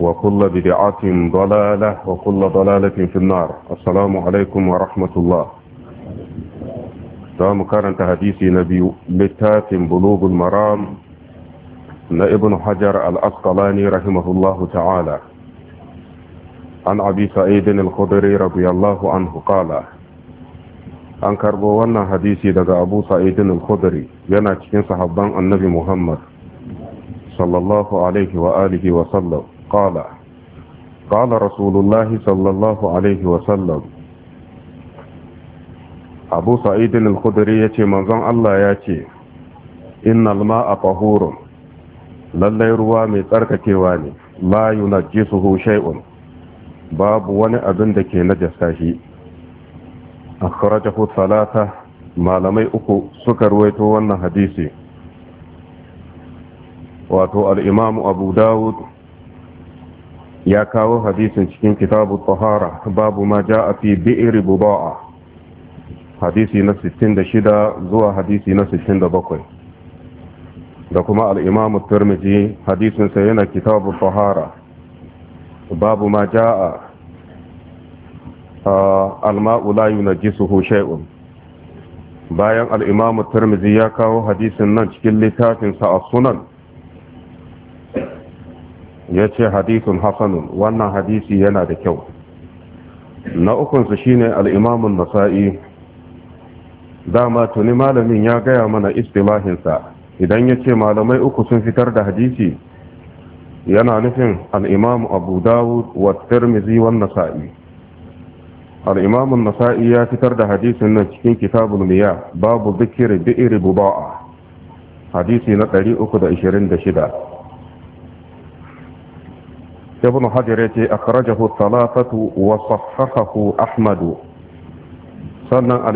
وكل بدعة ضلالة وكل ضلالة في النار السلام عليكم ورحمة الله دام كانت حديثي نبي لتات بلوغ المرام ابن حجر الأسقلاني رحمه الله تعالى عن أبي سعيد الخدري رضي الله عنه قال an karbo wannan hadisi daga abu sa'idin al-khudri yana cikin sahabban annabi muhammad sallallahu alaihi wa alihi wa sallam قال قال رسول الله صلى الله عليه وسلم أبو سعيد الخدري منظم الله ياتي إن الماء طهور lallai ruwa mai tsarkakewa ne la yunajjisuhu shay'un babu wani abin da ke najasa shi akhrajahu thalatha malamai uku suka ruwaito wannan hadisi wato al-imam Abu Dawud ya kawo hadisin cikin kitabu tahara babu ma ja a fi bi'ri buda'a hadisi na 66 zuwa hadisi na 67 da kuma al-imam at-tirmidhi hadisin sa yana kitabu tahara babu ma ja'a al-ma'u la yunajjisuhu shay'un bayan al-imam at ya kawo hadisin nan cikin littafinsa a sunan ya ce hadithun Hassanun wannan hadisi yana da kyau na ukunsu shine al'imamun nasa'i dama tuni malamin ya gaya mana istilahinsa idan ya ce malamai uku sun fitar da hadisi yana nufin al’imamun abu dawud wa tirmizi wa nasa'i al'imamun nasa'i ya fitar da hadisin nan cikin kitabul miya babu zikiri bi'iri buba'a hadisi na 326 ibn hajar yace akhrajahu thalathatu wa sahhahahu ahmad sannan al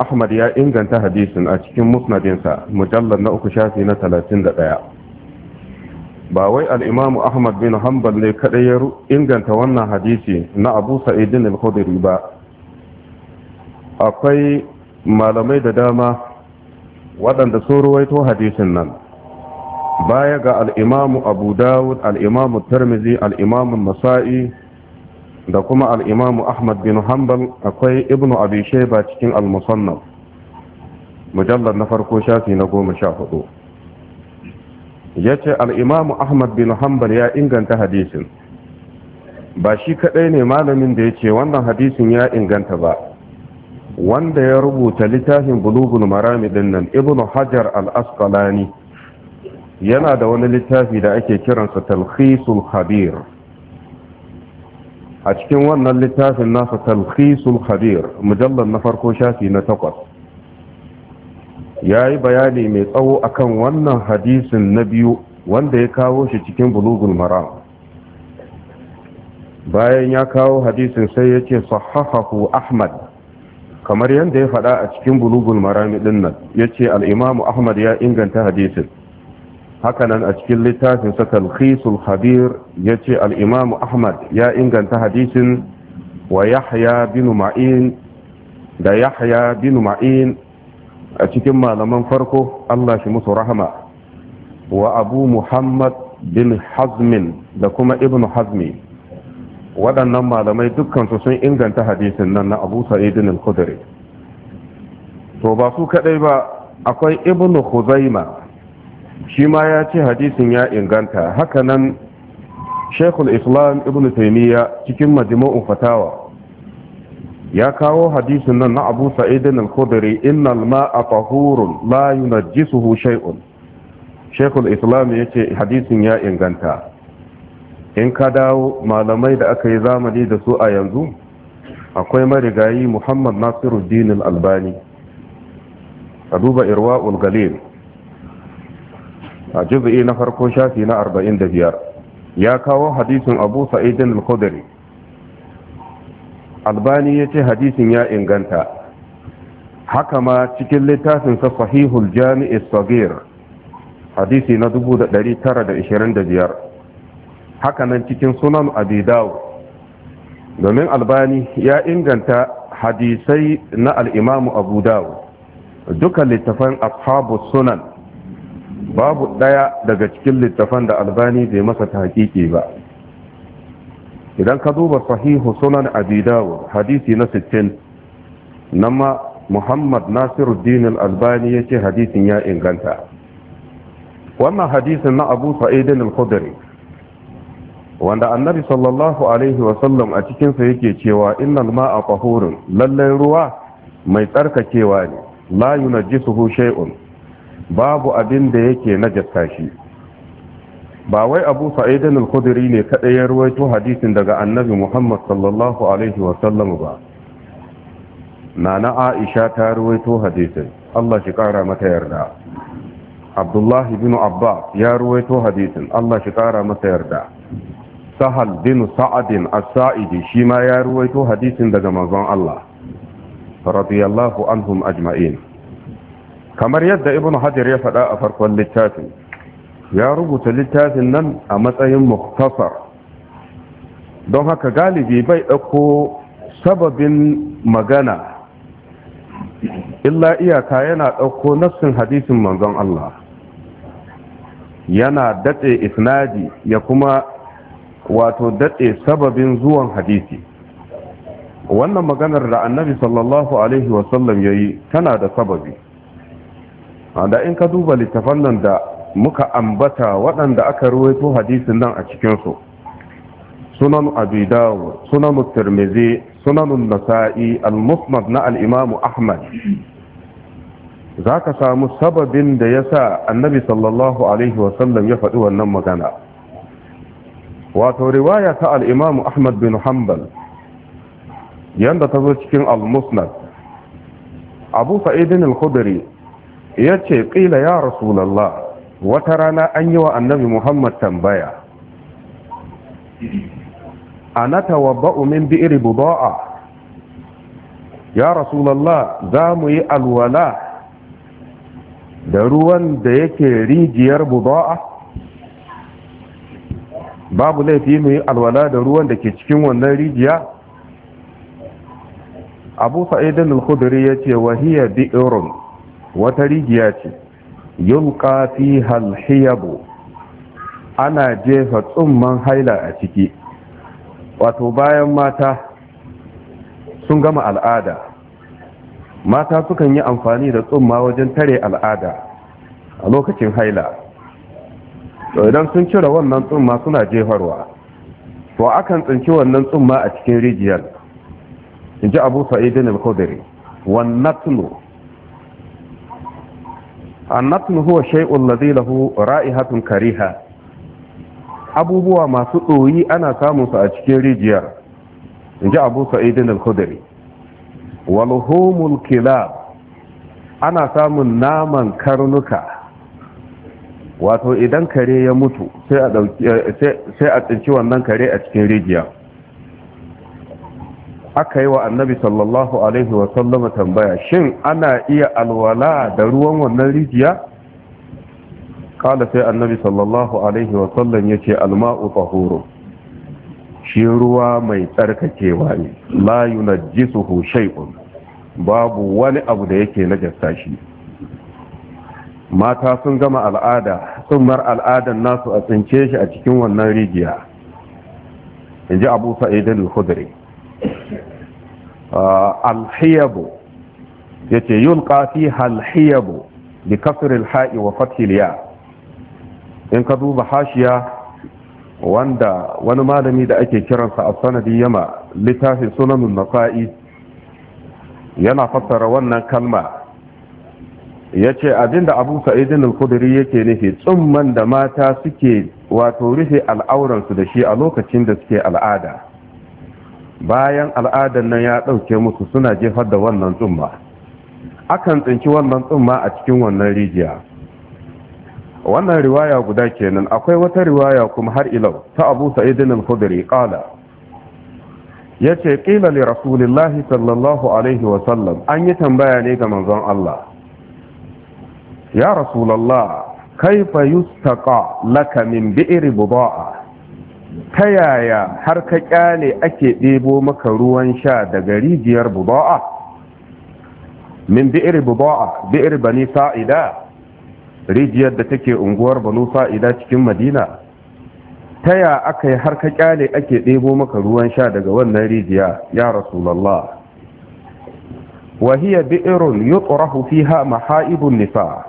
ahmad ya inganta hadisin a cikin musnadinsa mujallar na uku shafi na talatin da ɗaya. ba wai al'imamu ahmad bin Hambal ne kaɗai ya inganta wannan hadisi na abu sa'idin al kudiri ba akwai malamai da dama waɗanda sun ruwaito hadisin nan baya ga al'imamu abu dawud al'imamu tarmizi al'imamu nasa'i da kuma al'imamu ahmad bin hanbal akwai ibnu abi shayba cikin al-musannaf mujallar na farko shafi na goma sha hudu ya ce al'imamu ahmad bin hanbal ya inganta hadisin ba shi kaɗai ne malamin da ya ce wannan hadisin ya inganta ba wanda ya rubuta littafin bulugul marami nan ibnu hajar al-asqalani yana da wani littafi da ake kiransa talkhisul khabir a cikin wannan littafin nasa talkhisul khabir mujallar na farko shafi na takwas ya yi bayani mai tsawo akan wannan hadisin na biyu wanda ya kawo shi cikin bulugul maram bayan ya kawo hadisin sai ya ce sahahahu ahmad kamar yadda ya faɗa a cikin bulugul marami ɗin nan ya ce al'imamu ahmad ya inganta hadisin hakanan a cikin littafin sa talkhisul khabir yace al-imam ahmad ya inganta hadisin wa yahya bin ma'in da yahya bin ma'in a cikin malaman farko Allah shi musu rahama wa abu muhammad bin hazmin da kuma ibn hazmi waɗannan malamai dukkansu sun inganta hadisin nan na abu sa'idin al-khudri to ba su kadai ba akwai ibn khuzaimah shi ma ya ce hadisin ya inganta hakanan shekul islam ibn taimiyya cikin majimu'un fatawa ya kawo hadisin nan na abu sa'idin al-khudri ma a fahurun la yunajjisuhu shay'un shekul islam ya ce hadisin ya inganta in ka dawo malamai da aka yi zamani da su a yanzu akwai marigayi muhammad Nasiru, albani a duba irwa galil a juz'i na farko shafi na biyar. ya kawo hadisin abu sa'idin al albani ya ce hadisin ya inganta haka ma cikin littafin sa sahihul jami'i sagir hadisi na 1925 haka nan cikin sunan abi domin albani ya inganta hadisai na al'imamu abu dawo duka littafan ashabu sunan babu ɗaya daga cikin littafan da albani bai masa ta hakiki ba idan ka duba sahihu sunan abi hadisi na 60 nan ma muhammad nasiruddin albani yace hadisin ya inganta wannan hadisin na abu sa'idin al-khudri wanda annabi sallallahu alaihi wasallam a cikinsa yake cewa innal ma'a tahurun lallai ruwa mai tsarkakewa ne la yunajjisuhu shay'un babu abin da yake najasta shi ba wai abu sa'idan al-khudri ne kadai ya ruwaito hadisin daga annabi muhammad sallallahu alaihi wasallam ba nana aisha ta ruwaito hadisin allah shi ƙara mata yarda abdullah bin abbas ya ruwaito hadisin allah shi ƙara mata yarda sahal bin sa'adin as-sa'idi shi ma ya ruwaito hadisin daga manzon allah radiyallahu anhum ajma'in kamar yadda ibn hajar ya faɗa a farkon littafin ya rubuta littafin nan a matsayin muktasar don haka galibi bai ɗauko sababin magana illa iyaka yana ɗauko nassin hadisin manzon Allah yana daɗe isnadi ya kuma wato daɗe sababin zuwan hadisi wannan maganar da annabi sallallahu alaihi wasallam ya yi tana da sababi da in ka duba littafan nan da muka ambata waɗanda aka ruwaito hadisin nan a cikinsu sunan abi sunan tirmidhi sunan nasa'i al-musnad na al Ahmad. Za zaka samu sababin da yasa annabi sallallahu alaihi wa sallam ya faɗi wannan magana wato riwaya ta al-imam ahmad bin hanbal yanda ta zo cikin al-musnad abu sa'idin al-khudri ya ce ƙila ya rasulallah wata rana an yi wa annabi muhammad tambaya a na tawabba'u min bi'iri buba'a ya rasulallah za mu yi alwala da ruwan da yake rijiyar buba'a babu laifi mu yi alwala da ruwan da ke cikin wannan rijiya abu sa'idin al-khudri yace wahiyar bi'irun wata rijiya ce yulqa fiha ana jefa tsumman haila a ciki wato bayan mata sun gama al'ada mata sukan yi amfani da tsumma wajen tare al'ada a lokacin haila to idan sun cire wannan tsumma suna jefarwa to akan tsinci wannan tsumma a cikin rijiyar in ji abu sa'idin al-khudri wannan tuno annatnu huwa shay'un ladhi lahu ra'ihatun kariha abubuwa masu ɗoyi ana samun su a cikin rijiyar in ji abu sa'idin al-khudri walhumul kilab ana samun naman karnuka wato idan kare ya mutu sai a eh, tsinci wannan kare a cikin rijiya aka yi wa annabi sallallahu alaihi wa sallama tambaya shin ana iya alwala da ruwan wannan rijiya kala sai annabi sallallahu alaihi wa sallam yace alma'u tahuru shi ruwa mai tsarkakewa ne la yunajjisuhu shay'un babu wani abu da yake najasta shi mata sun gama al'ada sun mar al'adan nasu a tsince shi a cikin wannan rijiya in ji abu sa'id al-khudri alhiyabu ya ce yulqa fi alhiyabu bi kasril ha'i wa fathil in ka duba hashiya wanda wani malami da ake kiransa a sanadi yama littafin sunanin nasa'i yana fassara wannan kalma ya ce abinda abu sa'idin al-kuduri yake nufi tsumman da mata suke wato rufe al'auransu da shi a lokacin da suke al'ada bayan al'adar nan ya ɗauke musu suna jefar da wannan tsumma akan tsinci wannan tsumma a cikin wannan rijiya wannan riwaya guda kenan akwai wata riwaya kuma har ilau ta abu sa'idin al-khudri qala yace ƙila li rasulillahi sallallahu alaihi wa sallam an yi tambaya ne ga manzon Allah ya rasulullah kaifa yustaqa laka min bi'ri budaa ta yaya har ka kyale ake ɗebo maka ruwan sha daga rijiyar buba'a min bi'ir buba'a bi'ir bani sa'ida rijiyar da take unguwar banu sa'ida cikin madina ta ya aka yi har ka kyale ake ɗebo maka ruwan sha daga wannan rijiya ya rasulallah wahiya bi'irun yutrahu fiha mahaibun nisa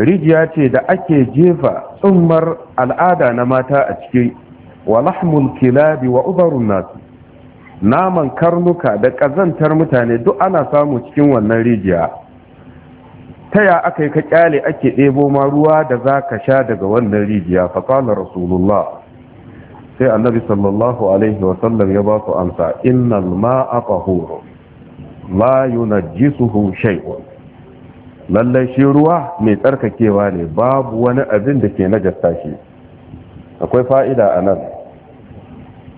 rijiya ce da ake jefa tsummar al'ada na mata a ciki wa lahmul kilabi wa ubarun naman karnuka da ƙazantar mutane duk ana samu cikin wannan rijiya ta ya aka yi ka kyale ake ɗebo ma ruwa da za ka sha daga wannan rijiya faƙala rasulullah sai annabi sallallahu alaihi wasallam ya basu amsa innal ma'a tahuru la yunajjisuhu shay'un lallai shi ruwa mai tsarkakewa ne babu wani abin da ke najasta shi akwai fa'ida a nan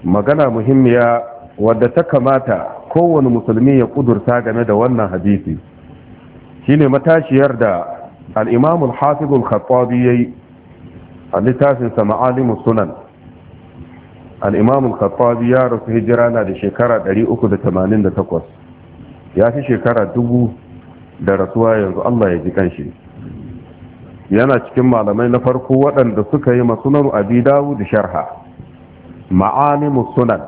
magana muhimmiya wadda ta kamata kowane musulmi ya kudurta game da wannan hadisi shine matashiyar da al’imamul hafizul khattabi ya yi a littafin sa sunan al’imamul khattabi ya rasu hijira na da shekara 388 ya fi shekara dubu da rasuwa yanzu Allah ya ji kanshi yana cikin malamai na farko waɗanda suka yi masunan abi da sharha ma'ani sunan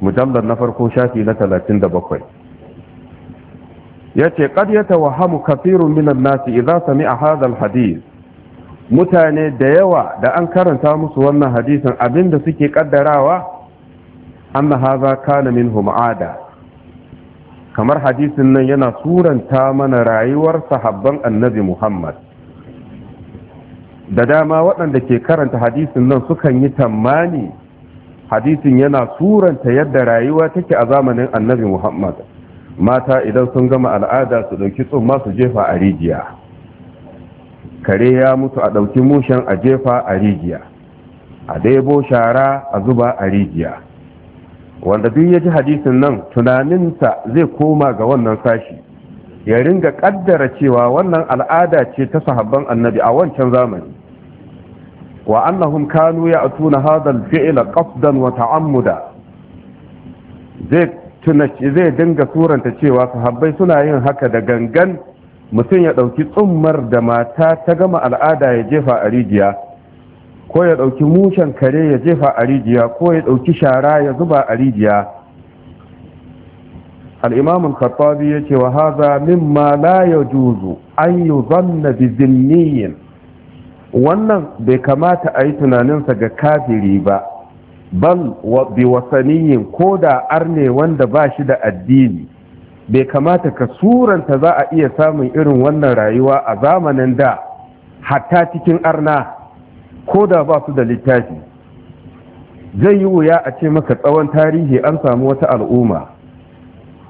mujallar na farko shafi na 37 yace qad wahamu kathirun minan nasi idza sami'a hadha alhadith mutane da yawa da an karanta musu wannan hadisin abinda suke kaddarawa anna hadha kana minhu ma'ada kamar hadisin nan yana suranta mana rayuwar sahabban annabi Muhammad da dama waɗanda ke karanta hadisin nan sukan yi tamani hadisin yana suranta yadda rayuwa take a zamanin annabi muhammad mata idan sun gama al'ada su ɗauki tsumma su jefa a rijiya kare ya mutu a ɗauki mushen a jefa a rijiya a daibo shara a zuba a rijiya wanda duk ya ji hadisin nan tunaninsa zai koma ga wannan sashi ya ringa ƙaddara cewa wannan al'ada ce ta sahabban annabi a wancan zamani wa annahum kanu ya'tuna hadha al-fi'la qasdan wa ta'ammuda zai tuna zai dinga suranta cewa sahabbai suna yin haka da gangan mutum ya ɗauki tsummar da mata ta gama al'ada ya jefa a rijiya ko ya ɗauki mushen kare ya jefa a rijiya ko ya ɗauki shara ya zuba a rijiya الإمام الخطابي يتي وهذا مما لا يجوز zanna bi zinniyin wannan bai kamata a yi tunaninsa ga kafiri ba bal bi wasaniyin ko da arne wanda ba shi da addini bai kamata ka suranta za a iya samun irin wannan rayuwa a zamanin da hatta cikin arna ko da ba su da littafi zai yi wuya a ce maka tsawon tarihi an samu wata al'umma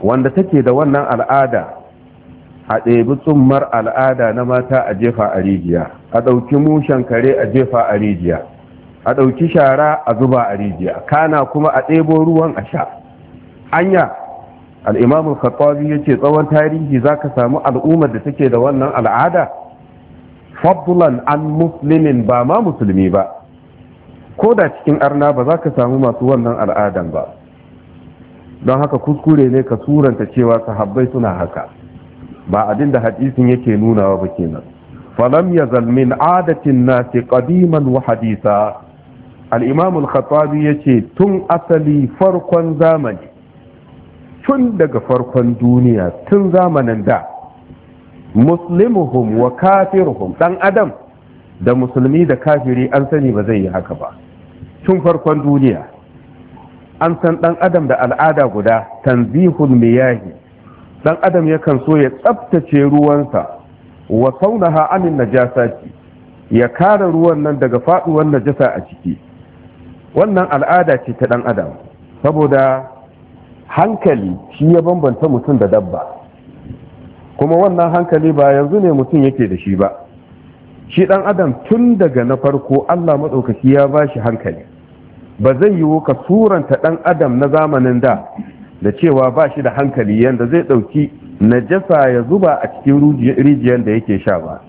wanda take da wannan al'ada a ɗebi tsummar al'ada na mata a jefa a rijiya a ɗauki mushen kare a jefa a rijiya a ɗauki shara a zuba a rijiya kana kuma a ɗebo ruwan a sha anya al'imamun khattabi ya ce tsawon tarihi za ka samu al'ummar da take da wannan al'ada fadlan an musulmin ba ma musulmi ba ko da cikin arna ba za ka samu masu wannan al'adan ba don haka kuskure ne ka suranta cewa sahabbai suna haka ba abin da hadisin yake nunawa ba kenan falam ya zalmin adatin nasi qadiman wa hadisa al-imam al-khattabi yace tun asali farkon zamani tun daga farkon duniya tun zamanin da muslimuhum wa kafiruhum dan adam da musulmi da kafiri an sani ba zai yi haka ba tun farkon duniya an san dan adam da al'ada guda tanzihul miyahi dan adam yakan so ya tsaftace ruwansa wa saunaha anin najasati ya kare ruwan nan daga faduwar najasa a ciki wannan al'ada ce ta dan adam saboda hankali shi ya bambanta mutum da dabba kuma wannan hankali ba yanzu ne mutum yake da shi ba shi dan adam tun daga na farko Allah maɗaukaki ya ba shi hankali ba zai yiwu ka suranta dan adam na zamanin da da cewa ba shi da hankali yanda zai ɗauki najasa ya zuba a cikin rijiyar da yake sha ba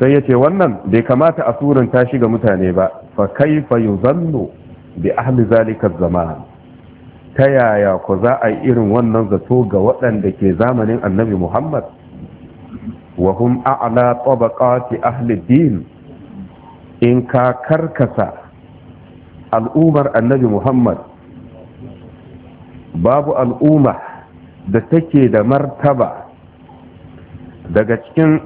sai ya ce wannan bai kamata a surin ta shiga mutane ba fa yi yuzannu da ahli zalika zama ta yaya ku za a yi irin wannan zato ga waɗanda ke zamanin annabi muhammad wa hum a'la tabaqati ahli din in ka karkasa al'ummar annabi muhammad babu al'umma da take da martaba daga cikin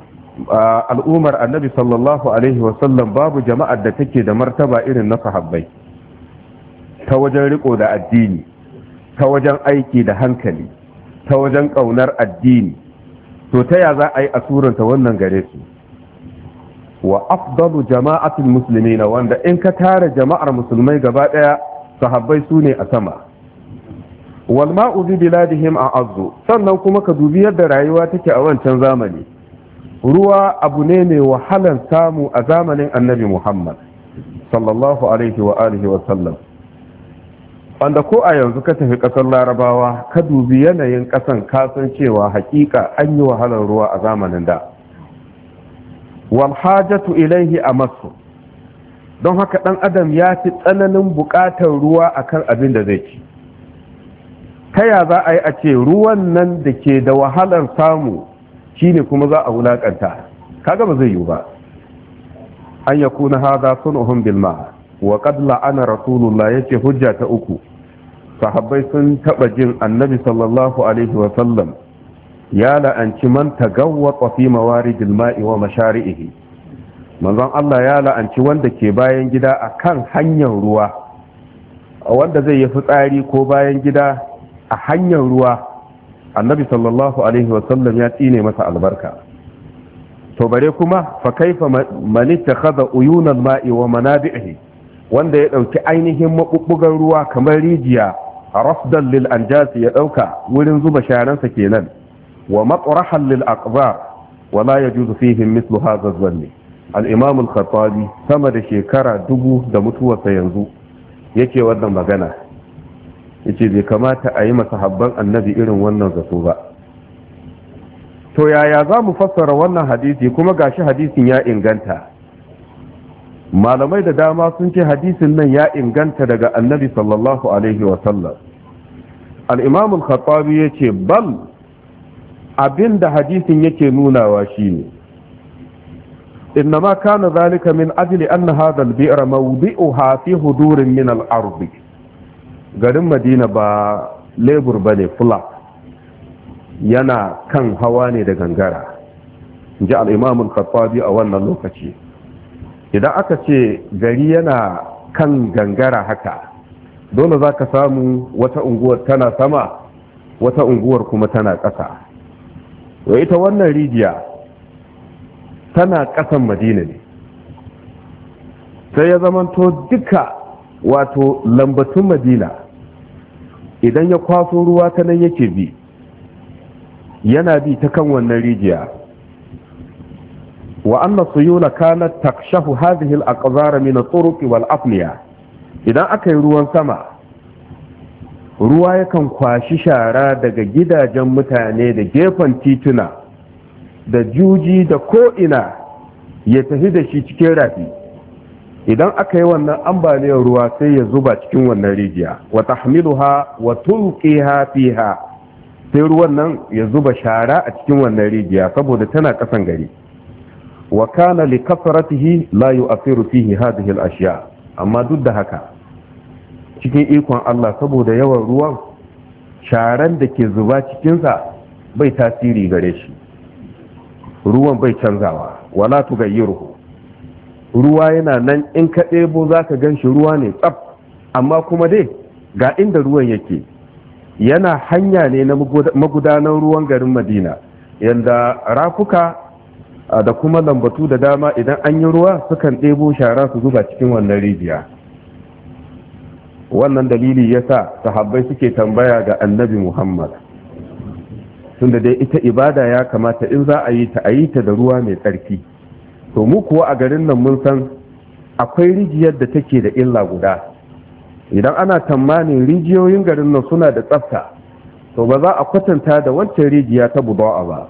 al'ummar annabi sallallahu alaihi wasallam babu jama'ar da take da martaba irin na sahabbai ta wajen riko da addini ta wajen aiki da hankali ta wajen ƙaunar addini to ta ya za a yi a suranta wannan gare su wa afdalu jama'atul muslimina wanda in ka tara jama'ar musulmai gaba daya sahabbai su ne a sama wal ma'u bi biladihim a'azzu sannan kuma ka dubi yadda rayuwa take a wancan zamani ruwa abu ne mai wahalan samu a zamanin annabi Muhammad sallallahu alaihi wa alihi wa sallam wanda ko a yanzu ka tafi ƙasar larabawa ka dubi yanayin ƙasan kasan cewa hakika an yi wahalar ruwa a zamanin da wal hajatu ilaihi amassu don haka dan adam ya fi tsananin buƙatar ruwa akan abin da zai ci ta ya za a yi a ce ruwan nan da ke da wahalar samu shine kuma za a wulakanta kaga ba zai yiwu ba an ya kuna hada sunuhun bilma wa qad la'ana rasulullah yace hujja ta uku sahabbai sun taɓa jin annabi sallallahu alaihi wa sallam ya la'anci man tagawwa fi mawaridil ma'i wa mashari'ihi manzon Allah ya la'anci wanda ke bayan gida a kan hanyar ruwa wanda zai yi fitsari ko bayan gida a hanyar ruwa annabi sallallahu alaihi wasallam ya tsine masa albarka to bare kuma fa kaifa man ittakhadha uyun al-ma'i wa manabihi wanda ya dauki ainihin mabubbugan ruwa kamar rijiya rafdan lil anjas ya dauka wurin zuba sharansa kenan wa matrahan lil aqbar wa la yajuzu fihi mithlu hadha az-zanni al-imam al-khattabi sama da shekara dubu da mutuwarsa yanzu yake wannan magana yace bai kamata a yi masahabban annabi irin wannan zato ba to yaya za mu fassara wannan hadisi kuma gashi hadisin ya inganta malamai da dama sun ce hadisin nan ya inganta daga annabi sallallahu alaihi wasallam sallam al-khattabi yace bal abinda hadisin yake nunawa shine innama kana zalika min ajli anna hadha al-bi'ra mawdi'uha fi hudurin min al garin madina ba lebur ba ne fula yana kan hawa ne da gangara ji al'imamun biyu a wannan lokaci idan aka ce gari yana kan gangara haka dole za ka samu wata unguwar tana sama wata unguwar kuma tana ƙasa wa ita wannan rijiya tana ƙasan madina ne sai ya zamanto duka wato lambatun madina idan ya kwaso ruwa ta nan yake bi yana bi ta kan wannan rijiya wa anna suyula kanat takshafu hadhihi al-aqzar min al turuq wal afniya idan aka yi ruwan sama ruwa yakan kwashi shara daga gidajen mutane da gefen tituna da juji da ko'ina ya tafi da shi cikin rafi idan aka yi wannan ambaliyar ruwa sai ya zuba cikin wannan rijiya wa tahmiluha wa tulqiha fiha sai ruwan nan ya zuba shara a cikin wannan rijiya saboda tana kasan gari wa kana li kasratihi la yu'athiru fihi hadhihi al-ashya amma duk da haka cikin ikon Allah saboda yawan ruwan sharan da ke zuba cikinsa bai tasiri gare shi ruwan bai canzawa wala tugayyiruhu ruwa yana nan in ka ɗebo za ka gan shi ruwa ne tsaf amma kuma dai ga inda ruwan yake yana hanya ne na magudanar ruwan garin madina yadda rafuka da kuma lambatu da dama idan an yi ruwa sukan ɗebo shara su zuba cikin wannan rijiya wannan dalili ya sa sahabbai suke tambaya ga annabi muhammad tunda dai ita ibada ya kamata in za a yi ta a yi ta da ruwa mai tsarki to mu kuwa a garin nan mun san akwai rijiyar da take da illa guda idan ana tamanin rijiyoyin garin nan suna da tsafta to ba za a kwatanta da wancan rijiya ta budawa ba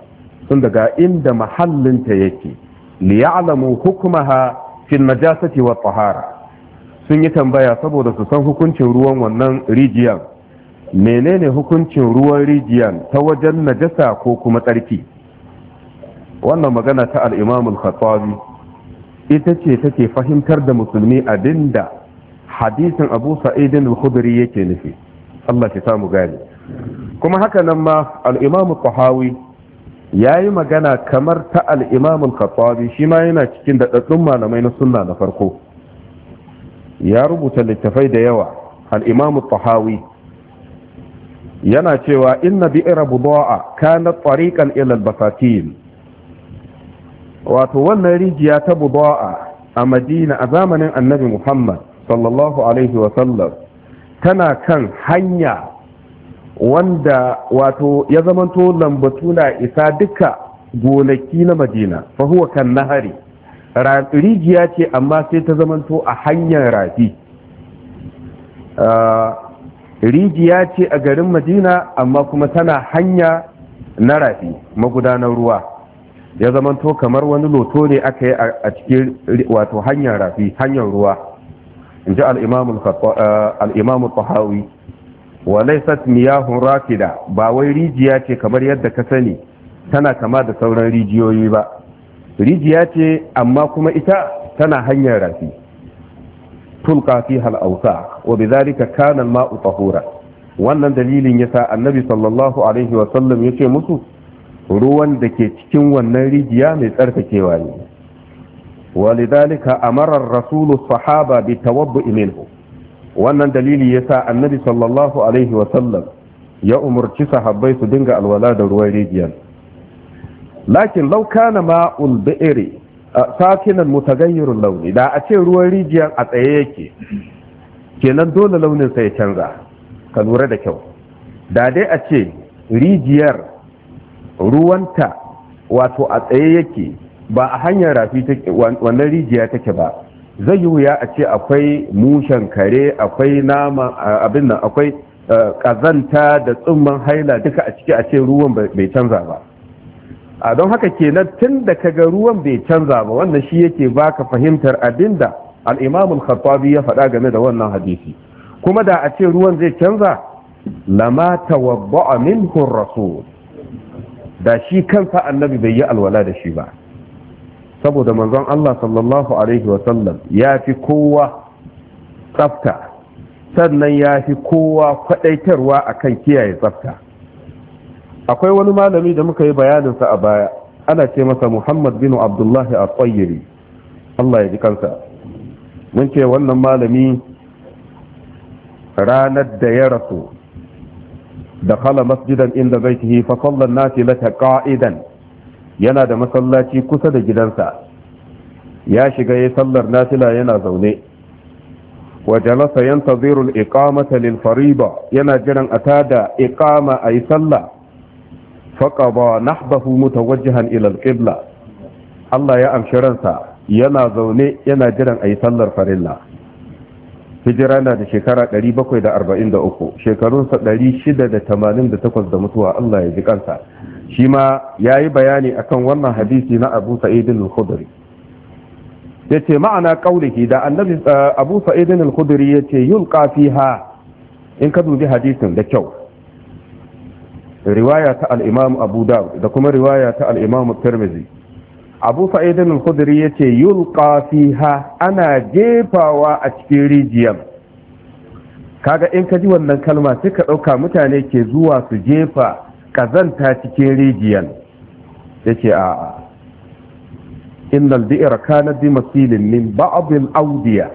tun daga inda mahallinta yake liya'lamu hukumaha fil najasati wa tahara sun yi tambaya saboda su san hukuncin ruwan wannan rijiyar menene hukuncin ruwan rijiyar ta wajen najasa ko kuma tsarki wannan magana ta al al-khattabi ita ce take fahimtar da musulmi abinda hadisin abu sa'id al-khudri yake nufi Allah ya samu gani kuma haka nan ma al-imam ya yi yayi magana kamar ta al al-khattabi shi ma yana cikin daɗaɗɗun malamai na sunna na farko ya rubuta littafai da yawa al al-tahawi yana cewa inna bi'ra budaa kana tariqan ila al-basatin wato wannan rijiya ta buba'a a madina a zamanin annabi muhammad sallallahu alaihi tana kan hanya wanda wato ya zamanto lambatu na isa duka gonaki na madina fa kan nahari rijiya ce amma sai ta zamanto a hanyar rafi rijiya ce a garin madina amma kuma tana hanya na rafi magudanar ruwa ya zamanto kamar wani loto ne aka yi a cikin wato hanyar rafi hanyar ruwa in ji al'imamun uh, tahawi wa laisat miyahun rafida ba wai rijiya ce kamar yadda ka sani tana kama da sauran rijiyoyi ba rijiya ce amma kuma ita tana hanyar rafi tulka fi hal'ausa wa bi zalika kana ma'u tahura wannan dalilin yasa annabi sallallahu alaihi wa sallam yace musu ruwan da ke cikin wannan rijiya mai tsarkakewa ne walidalika amara rasulu sahaba bi tawabbu'i minhu wannan dalili yasa annabi sallallahu alaihi wa sallam ya umarci sahabbai su dinga alwala da ruwan rijiyar lakin law kana ma'ul bi'ri sakinan mutaghayyirul launi da a ce ruwan rijiyar a tsaye yake kenan dole launin sa ya canza ka lura da kyau da dai a ce rijiyar ruwanta wato a tsaye yake ba a hanyar rafi wannan rijiya take ba zai yi wuya a ce akwai mushen kare akwai nama abin nan akwai kazanta eh, da tsumman haila duka a ciki a ce ruwan bai canza ba a don haka kenan tun da ga ruwan bai canza ba wannan shi yake baka fahimtar abinda al-imam khattabi ya faɗa game da wannan hadisi kuma da a ce ruwan zai canza lama tawabba'a minhu rasul da shi kansa annabi bai yi alwala da shi ba saboda manzon Allah sallallahu alaihi ya fi kowa tsafta sannan ya fi kowa kwadaitarwa akan kiyaye tsafta akwai wani malami da muka yi bayaninsa a baya ana ce masa muhammad bin abdullahi a tsayyiri Allah ya ji kansa mun ce wannan malami ranar da ya rasu dakhala masjidan inda baitihi fa salla nafilata ƙa'idan, yana da masallaci kusa da gidansa ya shiga ya sallar nafila yana zaune wa jalasa yantaziru al-iqamata lil fariida yana jiran atada iqama ay sallah faqada nahbahu mutawajjihan ila al-qibla Allah ya amshi ransa yana zaune yana jiran yi sallar farilla hijira na da shekara 743 shekarunsa 688 da mutuwa Allah ya ji kansa shi ma ya yi bayani akan wannan hadisi na abu sa'idin al-khudri ya ce ma'ana kaulihi da annabi eh, abu sa'idin al-khudri ya ce yulqa ha!" in ka dubi hadisin da kyau riwaya ta al-imam abu da kuma riwaya ta al-imam abu sa'idin al-khudri yace yulqa fiha ana jefawa a cikin rijiyar kaga in ka ji wannan kalma sai ka dauka mutane ke zuwa su jefa kazanta cikin rijiyar yace a innal bi'ra kana bi masilin min ba'd al-awdiya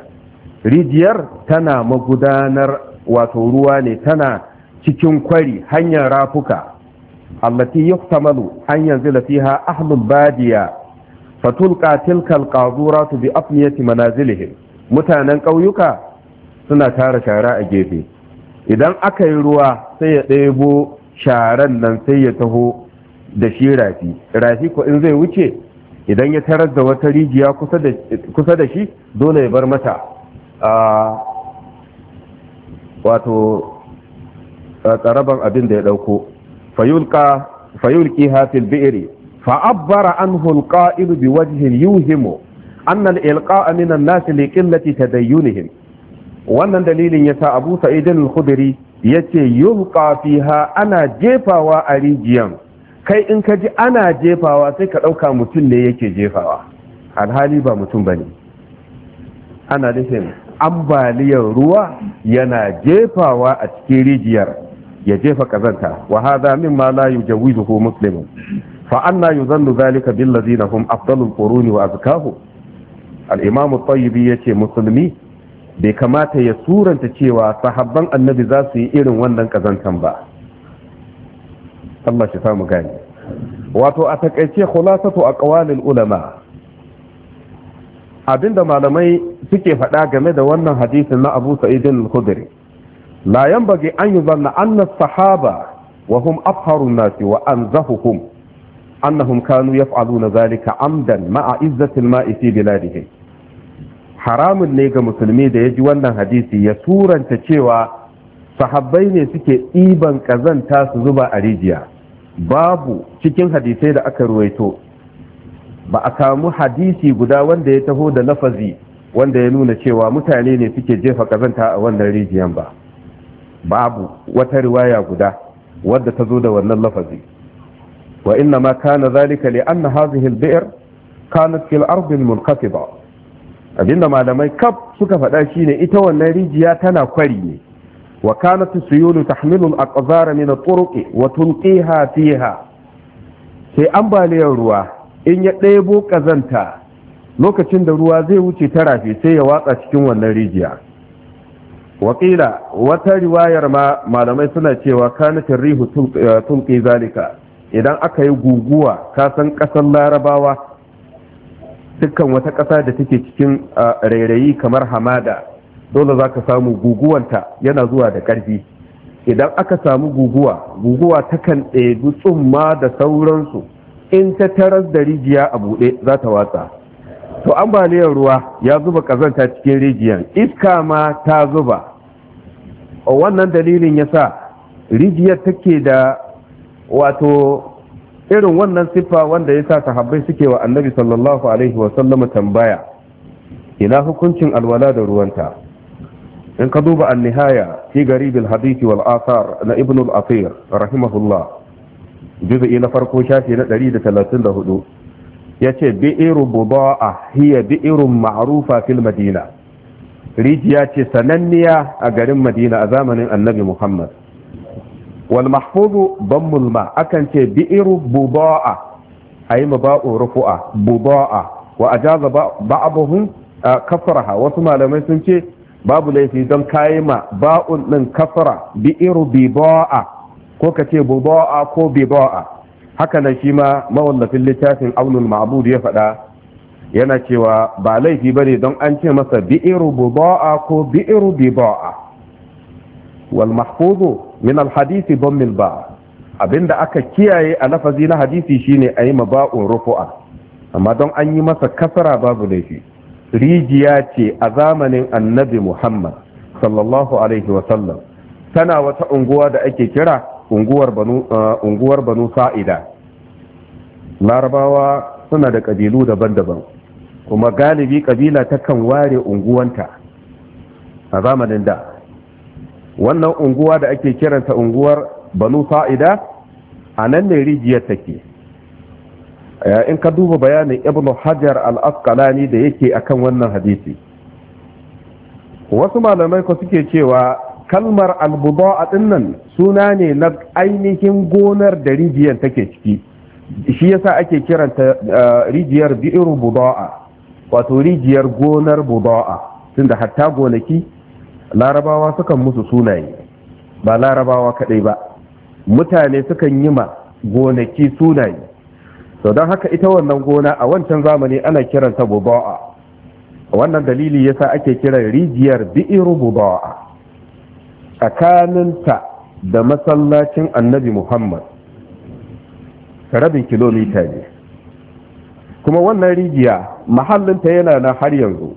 rijiyar tana magudanar wato ruwa ne tana cikin kwari hanyar rafuka allati yuhtamalu an yanzila fiha ahlul badiya fatulqa tilkal qazuratu bi afniyati manazilihim mutanen ƙauyuka suna tara shara a gefe idan aka yi ruwa sai ya ɗebo sharan nan sai ya taho da shi rafi rafi ko in zai wuce idan ya tarar da wata rijiya kusa da shi dole ya bar mata wato tsaraban abin da ya ɗauko fayulki hafil bi'iri فعبر عنه القائل بوجه يوهم أن الإلقاء من الناس لقلة تدينهم wannan dalilin yasa Abu Sa'id al-Khudri yace yulqa fiha ana jefawa a rijiyan kai in ka ji ana jefawa sai ka ɗauka mutum ne yake jefawa alhali ba mutum bane ana nufin ambaliyar ruwa yana jefawa a cikin rijiyar ya jefa kazanta wa hadha mimma la yujawizuhu muslimun fa anna yuzannu zalika bil ladina hum afdalul quruni wa azkahu al imam at-tayyibi yace musulmi bai kamata ya suranta cewa sahabban annabi za su yi irin wannan kazantan ba Allah shi mu gani wato a takaice khulasatu aqwalil ulama abinda malamai suke faɗa game da wannan hadisin na Abu Sa'id al-Khudri la yanbaghi an yuzanna anna as-sahaba wa hum afharun nasi wa anzahuhum annahum kanu yaf'aluna zalika amdan ma'a izzatil ma'i fi biladihim haramun ne ga musulmi da ya ji wannan hadisi ya suranta cewa sahabbai ne suke ɗiban ƙazanta su zuba a rijiya babu cikin hadisai da aka ruwaito ba a samu hadisi guda wanda ya taho da lafazi wanda ya nuna cewa mutane ne suke jefa ƙazanta a wannan rijiyan ba babu wata riwaya guda wadda ta zo da wannan lafazi وإنما كان ذلك لأن هذه البئر كانت في الأرض المنخفضة abinda malamai kaf suka faɗa shine ita wannan rijiya tana kwari ne wa kanat suyulu tahmilu al-aqzar min at-turuq wa tulqiha fiha sai ambaliyar ruwa in ya ɗebo kazanta lokacin da ruwa zai wuce ta rafi sai ya watsa cikin wannan rijiya wakila wata riwayar ma malamai suna cewa kanat rihu tulqi eh, zalika idan aka yi guguwa kasan ƙasan larabawa dukkan wata ƙasa da take cikin rairayi kamar hamada dole za ka samu guguwanta yana zuwa da ƙarfi idan aka samu guguwa guguwa ta kan ɗebi tsumma da sauransu in ta taras da rijiya a buɗe za ta watsa to ambaliyar ruwa ya zuba ƙazanta cikin rijiyan iska ma ta zuba wannan dalilin ya sa rijiyar take da wato irin wannan siffa wanda ya sa sahabbai suke wa annabi sallallahu alaihi tambaya ina hukuncin alwala da ruwanta in ka duba an-nihaya fi garibil hadithi wal athar na ibn al-athir rahimahullah juz'i na farko shafi na 134 yace bi'iru buda'a hiya bi'irun ma'rufa fil madina rijiya ce sananniya a garin madina a zamanin annabi muhammad wal mahfuzu dammul akan ce bi'iru buda'a ayi maba'u rufu'a buda'a wa ajaza ba'dhum kasraha wasu malamai sun ce babu laifi don kayi ma ba'un ɗin kasra bi'iru bida'a ko ka ce buda'a ko bida'a haka na shi ma mawallafin littafin aunul ma'bud ya faɗa yana cewa ba laifi ba ne don an ce masa bi'iru buba'a ko bi'iru biba'a wal mahfuzu min alhadisi dhammil ba abinda aka kiyaye a lafazi na hadisi shine ayi maba'un rufu'a amma don an yi masa kasara babu laifi rijiya ce a zamanin annabi Muhammad sallallahu alaihi wa sallam tana wata unguwa da ake kira unguwar banu uh, unguwar sa'ida larabawa suna da kabilu daban-daban kuma galibi kabila takan ware unguwanta a zamanin da wannan unguwa da ake kiranta unguwar banu sa'ida a nan ne rijiyar take in ka duba bayanin ibn hajar al-asqalani da yake akan wannan hadisi wasu malamai ko suke cewa kalmar al-buda'a dinnan suna ne na ainihin gonar da rijiyar take ciki shi yasa ake kiranta eh, rijiyar bi'ir buda'a wato rijiyar gonar buda'a tunda hatta gonaki larabawa sukan musu sunaye ba larabawa kadai ba mutane sukan yi ma gonaki sunaye to don haka ita wannan gona a wancan zamani ana kiranta buba'a wannan dalili yasa ake kiran rijiyar bi'iru buba'a tsakaninta da masallacin annabi muhammad rabin kilomita ne kuma wannan rijiya mahallinta yana na har yanzu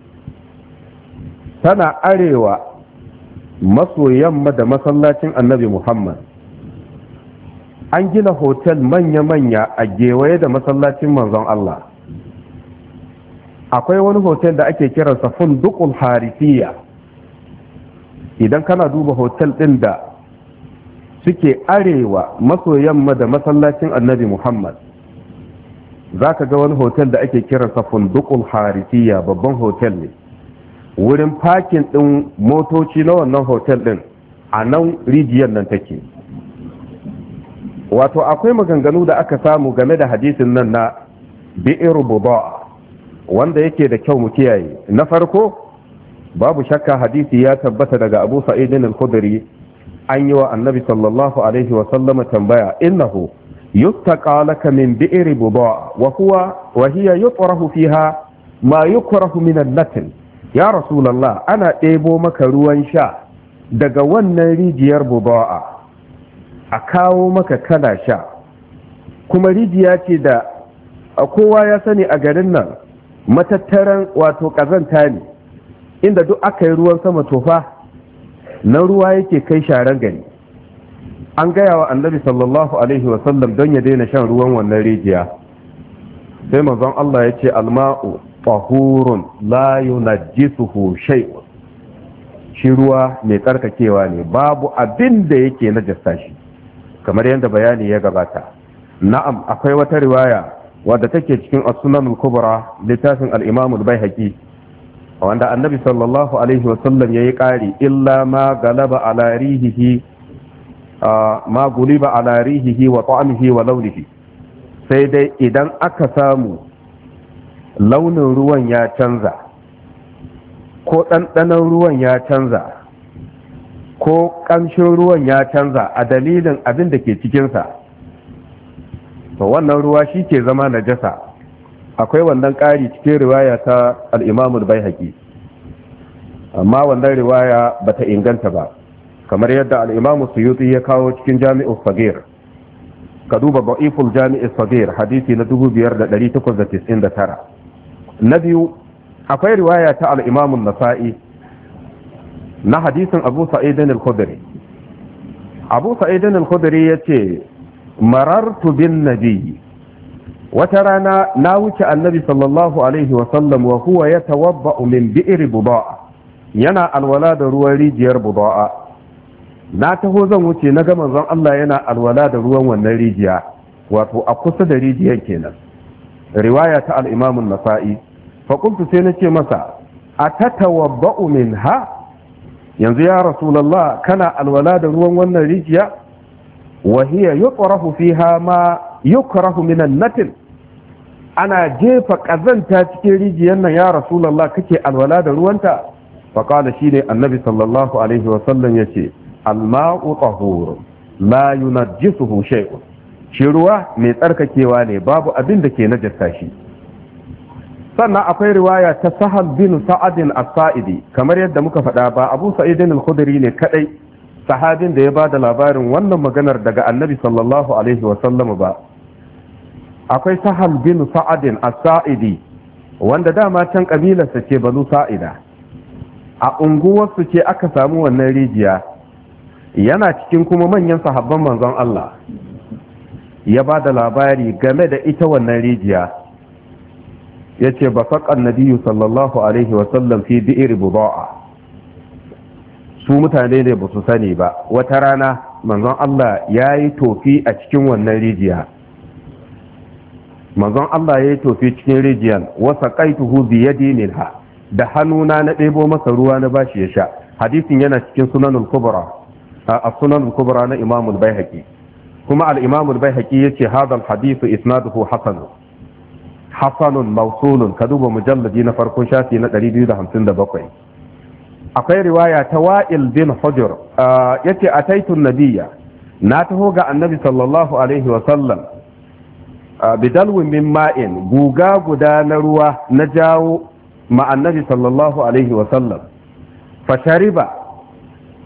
tana arewa maso yamma da masallacin annabi muhammad an gina hotel manya-manya a gewaye da masallacin manzon allah akwai wani hotel da ake kiransa fundukul harifiya idan kana duba hotel ɗin da suke arewa maso yamma da masallacin annabi muhammad za ka ga wani hotel da ake kiransa fundukul harifiya babban hotel ne wurin fakin ɗin motoci na wannan hotel ɗin a nan rijiyar nan take wato akwai maganganu da aka samu game da hadisin nan na bi'ir buda'a wanda yake da kyau mu kiyaye na farko babu shakka hadisi ya tabbata daga abu sa'idin al-khudri an yi wa annabi sallallahu alaihi wasallama tambaya innahu yuttaqa laka min bi'ir buda'a wa huwa wa hiya yutrahu fiha ma yukrahu min al-natl ya rasulallah ana ɗebo maka ruwan sha daga wannan rijiyar buba'a a kawo maka kana sha kuma rijiya ce da a kowa ya sani a garin nan matattaran wato ƙazanta ne inda duk aka yi ruwan sama tofa na ruwa yake kai sharan gari an gaya wa annabi sallallahu alaihi wasallam don ya daina shan ruwan wannan rijiya sai manzon Allah ya ce alma'u fahurun la yunajjisuhu shay'un shi ruwa mai tsarkakewa ne babu abin da yake jasta shi kamar yadda bayani ya gabata na'am akwai wata riwaya wadda take cikin as kubra littafin alimamul bai al wanda annabi sallallahu alaihi wa sallam yayi ƙari. illa ma galaba ala rihihi ma guliba ala rihihi wa ta'amihi wa launihi sai dai idan aka samu launin ruwan ya canza ko ɗanɗanon ruwan ya canza ko ƙamshin ruwan ya canza a dalilin abin da ke cikinsa to wannan ruwa shi ke zama najasa akwai wannan ƙari cikin riwaya ta al'imamul bai haƙi amma wannan riwaya ba ta inganta ba kamar yadda al'imamu yi ya kawo cikin jami'ul fagir ka duba ba'iful jami'ul fagir hadisi na 2899 na biyu akwai riwaya ta al'imamun nasa'i na hadisin abu sa'idin al-khudri abu sa'idin al-khudri ya ce marartu bin nabi wata rana na wuce annabi sallallahu alaihi wasallam wa huwa ya tawabba min bi'ir buda'a yana alwala da ruwan rijiyar buda'a na taho zan wuce na ga manzon Allah yana alwala da ruwan wannan rijiya wato a kusa da rijiyar kenan riwaya ta al-imam nasai fa qultu sai nace masa ba'umin minha yanzu ya rasulullah kana alwala da ruwan wannan rijiya wa hiya yutrafu fiha ma yukrahu min ana jefa kazanta cikin rijiyar nan ya rasulullah kake alwala da ruwanta faƙala shi shine annabi sallallahu alaihi wa sallam yace alma'u mau tahur la yunajjisuhu shay'un shi ruwa mai tsarkakewa ne babu abin da ke najasta shi sannan akwai riwaya ta sahal bin sa'adin as-sa'idi kamar yadda muka faɗa ba abu sa'idin al-khudri ne kadai sahabin da ya ba da labarin wannan maganar daga annabi sallallahu alaihi wa sallam ba akwai sahal bin sa'adin as-sa'idi wanda dama can kabilarsa ce banu sa'ida a unguwarsu ce aka samu wannan rijiya yana cikin kuma manyan sahabban manzon Allah ya ba da labari game da ita wannan rijiya ya ce ba faƙan nabiyu sallallahu alaihi wasallam fi bi'ir buda'a su mutane ne ba su sani ba wata rana manzon Allah ya yi tofi a cikin wannan rijiya manzon Allah ya yi tofi cikin rijiyan wasa kaituhu biyadi minha da hannuna na ɗebo masa ruwa na bashi ya sha hadisin yana cikin sunanul kubra a sunanul kubra na imamul baihaqi kuma al bai al-baihaqi yace hadha al-hadith isnaduhu hasan hasanun mawsulun ka duba mujalladi na farkon shafi na 257 akwai riwaya ta wa'il bin hujur yace ataitun nabiyya na taho ga annabi sallallahu alaihi wa sallam bidalwin min ma'in guga guda na ruwa na jawo ma annabi sallallahu alaihi wa sallam fashariba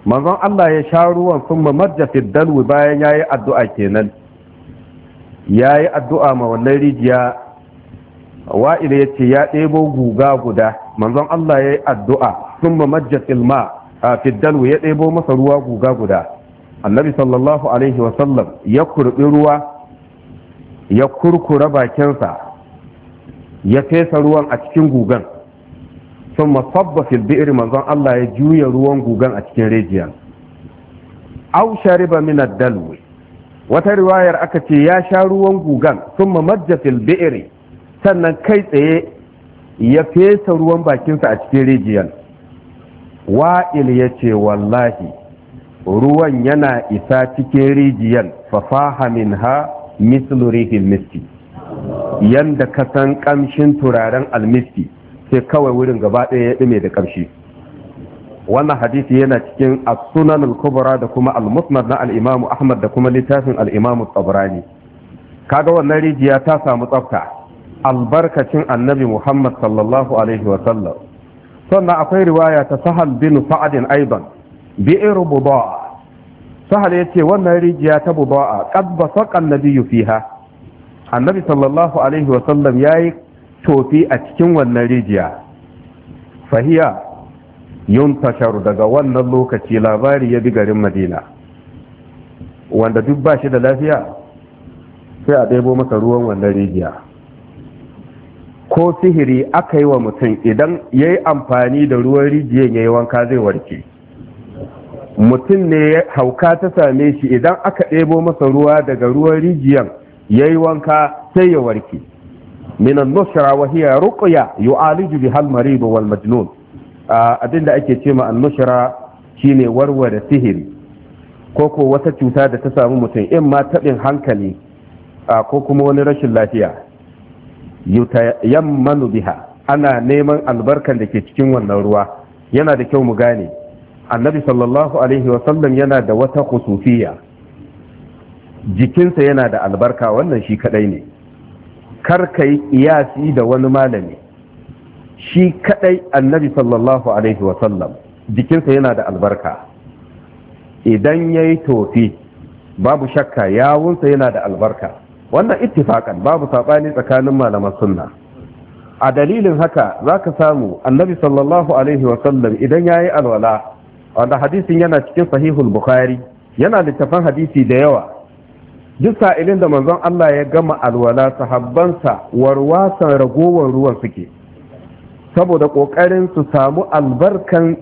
manzon Allah ya sha ruwan sun mamarja dalwi bayan ya yi addu'a kenan ya yi addu'a ma wannan rijiya wa'ila ya ce ya ɗebo guga guda manzon Allah ya yi addu'a sun mamarja filma a fiddalwi ya ɗebo masa ruwa guga guda annabi sallallahu alaihi wasallam ya kurbi ruwa ya kurkura bakinsa ya fesa ruwan a cikin gugan sun masabba fil bi'ir manzon Allah ya juya ruwan gugan a cikin rijiyar au shariba min ad-dalwi wata riwayar aka ce ya sha ruwan gugan sun majja fil bi'ir sannan kai tsaye ya fesa ruwan bakinsa a cikin rijiyar wa'il ya ce wallahi ruwan yana isa cikin rijiyar fafaha min ha mislu miski yanda ka san kamshin turaren almiski sai kawai wurin gaba ɗaya ya ɗume da ƙarshe. wannan hadisi yana cikin as-sunan al-kubra da kuma al-musnad na al-imamu ahmad da kuma littafin al-imamu tabrani kaga wannan rijiya ta samu tsafta albarkacin annabi muhammad sallallahu alaihi wa sallam sannan akwai riwaya ta sahal bin sa'adin aiban bi'ir buda'a sahal yace wannan rijiya ta buda'a qad basaqa an-nabiyyu fiha annabi sallallahu alaihi wa sallam yayi tofi a cikin wannan rijiya fahiya yun tashar daga wannan lokaci labari ya bi garin madina wanda duk ba shi da lafiya sai a ɗaibo masa ruwan wannan rijiya ko sihiri aka yi wa mutum idan ya yi amfani da ruwan rijiyar ya yi wanka zai warke mutum ne hauka ta same shi idan aka ɗebo masa ruwa daga ruwan rijiyar ya yi wanka sai ya warke min an-nusra hiya ruqya yu'aliju biha al-marid majnun ah, abinda ake ce ma an-nusra shine warware sihiri ko wata cuta da ta samu mutum in ma tabin hankali ah, ko kuma wani rashin lafiya yutayammanu biha ana neman albarka da ke cikin wannan ruwa yana da kyau mu gane annabi sallallahu alaihi wasallam yana da wata khusufiya jikinsa yana da albarka wannan shi kadai ne kar ka yi ƙiyasi da wani malami shi kadai annabi sallallahu alaihi sallam jikinsa yana da albarka idan ya yi tofi babu shakka yawunsa yana da albarka wannan ittifakan babu saɓani tsakanin malaman sunna a dalilin haka za ka samu annabi sallallahu alaihi sallam idan ya yi alwala wanda hadisin yana cikin sahihul bukhari yana littafan hadisi da yawa duk sa'ilin da manzon Allah ya gama alwala sahabbansa warwasan ragowar ruwan suke saboda ƙoƙarin su samu albarkan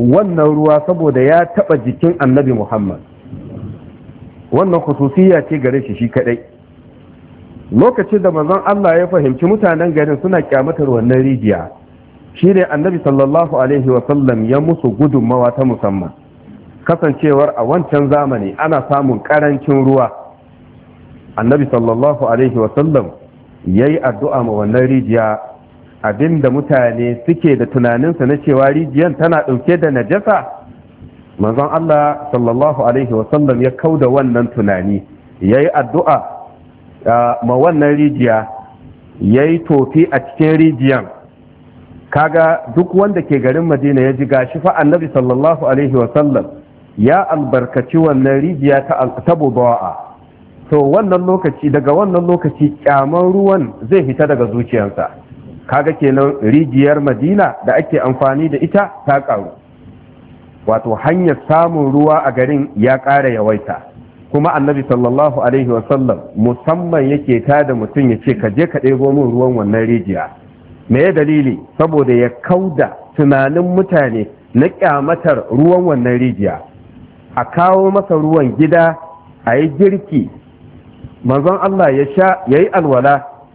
wannan ruwa saboda ya taɓa jikin annabi Muhammad wannan khususiyya ce gare shi shi kaɗai lokacin da manzon Allah ya fahimci mutanen garin suna kyamatar wannan rijiya shi ne annabi sallallahu alaihi wasallam ya musu gudunmawa ta musamman kasancewar a wancan zamani ana samun ƙarancin ruwa annabi sallallahu alaihi wasallam ya yi addu'a ma wannan rijiya abinda mutane suke da tunaninsa na cewa rijiyan tana ɗauke da najasa manzon Allah sallallahu alaihi wasallam ya kauda wannan tunani ya yi addu'a ma wannan rijiya ya yi tofi a cikin rijiyan kaga duk wanda ke garin madina ya ji gashi fa annabi sallallahu alaihi wasallam ya albarkaci wannan rijiya ta bubawa to wannan lokaci daga wannan lokaci kyaman ruwan zai fita daga zuciyarsa kaga kenan rijiyar madina da ake amfani da ita ta karu wato hanyar samun ruwa a garin ya ƙara yawaita kuma annabi sallallahu alaihi wasallam musamman yake tada mutum ya ce ka je ka ɗebo min ruwan wannan rijiya me ya dalili saboda ya kauda tunanin mutane na kyamatar ruwan wannan rijiya a kawo masa ruwan gida a yi girki manzon Allah ya sha yayi alwala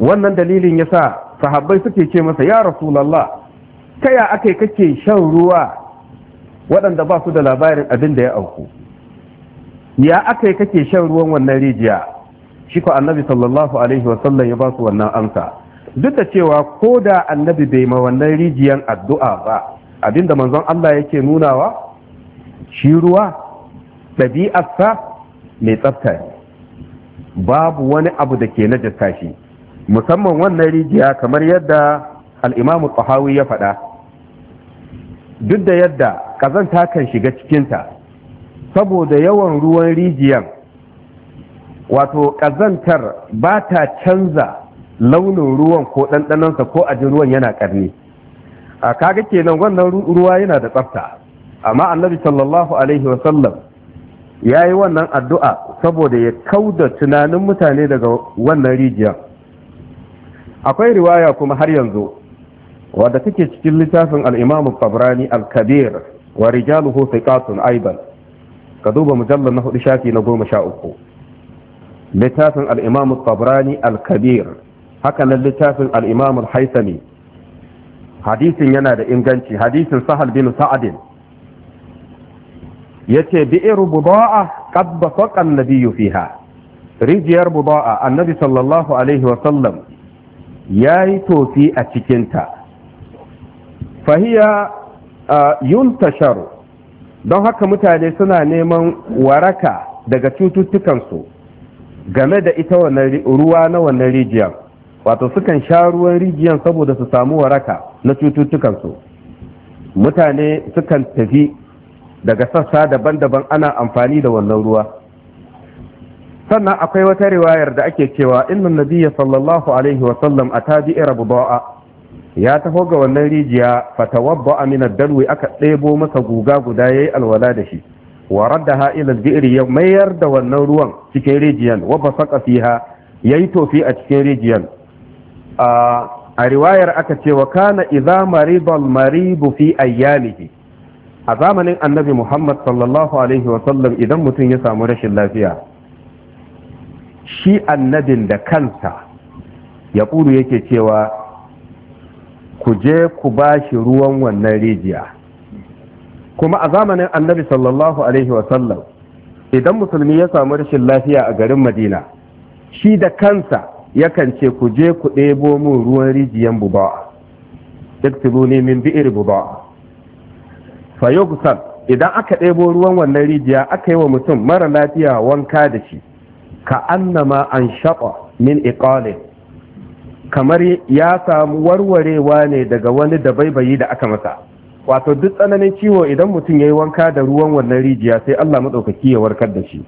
wannan dalilin yasa sahabbai suke ce masa ya rasulullah ya akai kake shan ruwa waɗanda ba su da labarin abin da ya auku ya akai kake shan ruwan wannan rijiya shi ko annabi sallallahu alaihi wasallam ya ba su wannan amsa duk da cewa ko da annabi bai ma wannan rijiyan addu'a ba abinda manzon Allah yake nunawa shi ruwa ɗabi'arsa mai tsafta ne babu wani abu da ke najasta shi musamman wannan rijiya kamar yadda al'imamu tsahawi ya faɗa duk da yadda ƙazanta kan shiga cikinta saboda yawan ruwan rijiyan wato ƙazantar ba ta canza launin ruwan ko ɗanɗanonsa ko ajin ruwan yana ƙarni a kaga kenan wannan ruwa yana da tsafta amma annabi sallallahu alaihi wasallam ya yi wannan addu'a saboda ya kau da tunanin mutane daga wannan rijiya akwai riwaya kuma har yanzu wadda take cikin littafin al'imamu fabrani al-kabir wa rijaluhu Katon aiban ka duba mujallar na hudu shafi na goma sha uku littafin al'imamu fabrani al-kabir hakanan littafin al'imamu haisami hadisin yana da inganci hadisin sahal bin sa'adin yace bi'ru buda'a qad basaqa an-nabiyyu fiha rijiyar buda'a annabi sallallahu alaihi wa sallam yayi tofi a cikin ta fahiya yuntasharu don haka mutane suna neman waraka daga cututtukansu game da ita wannan ruwa na wannan rijiyar wato sukan sha ruwan rijiyar saboda su samu waraka na cututtukansu mutane sukan tafi daga sassa daban-daban ana amfani da wannan ruwa sannan akwai wata riwayar da ake cewa innan nabiyya sallallahu alaihi wa sallam ata bi'ra buda'a ya taho ga wannan rijiya fatawabba wabba ad-dalwi aka ɗebo masa guga guda yayi alwala da shi Warar da ha'ilar al ya mayar da wannan ruwan cikin rijiyan wa basaqa fiha yayi tofi a cikin rijiyan a riwayar aka ce wa kana idza maribal maribu fi ayyamihi a zamanin annabi muhammad sallallahu alaihi wasallam idan mutum ya samu rashin lafiya shi annabin da kansa ya ƙuru yake cewa ku je ku ba shi ruwan wannan rijiya kuma a zamanin annabi sallallahu alaihi wasallam idan musulmi ya samu rashin lafiya a garin madina shi da kansa yakan ce ku je ku ɗebo min ruwan rijiyan buba'a iktibu ne min bi'ir buba'a fayogusan idan aka ɗebo ruwan wannan rijiya aka yi wa mutum mara lafiya wanka da shi ka annama an shaɓa min iqalin kamar ya samu warwarewa ne daga wani da baibayi da aka masa wato duk tsananin ciwo idan mutum ya yi wanka da ruwan wannan rijiya sai allah maɗaukaki ya warkar da shi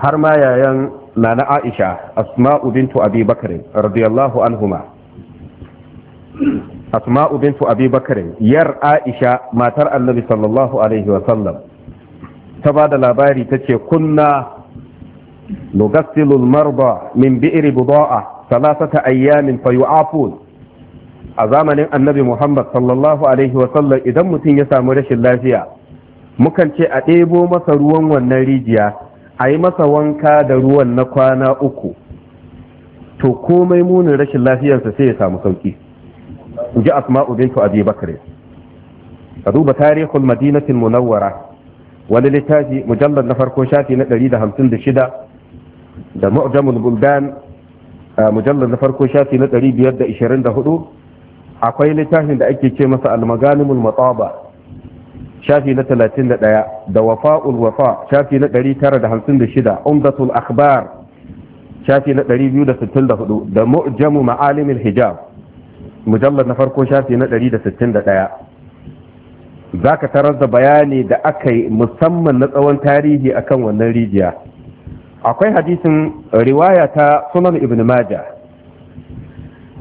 har ma yayan nana aisha asma'u bintu abi bakr radiyallahu anhuma asma'u bintu abi yar aisha matar annabi sallallahu alaihi wa sallam ta ba da labari ta ce kunna nugassilul marba min bi'ri buda'a salasata ayyamin fa yu'afun a zamanin annabi muhammad sallallahu alaihi wa sallam idan mutum ya samu rashin lafiya mukan ce a ɗebo masa ruwan wannan rijiya a yi masa wanka da ruwan na kwana uku to komai munin rashin lafiyarsa sai ya samu sauki ji asma'u bintu abi ka duba tarihul madinatul munawwara wani littafi mujallar na farko shafi na 156 da mu'jamul buldan mujallar na farko shafi na 524 akwai littafin da ake ce masa al-maganimul mataba shafi na 31 da wafa'ul wafa shafi na 956 umdatul akhbar shafi na 264 da mu'jamu ma'alimul hijab mujallar na farko shafi na 161 za ka tarar da bayani da aka yi musamman na tsawon tarihi akan wannan rijiya akwai hadisin riwaya ta sunan ibn majah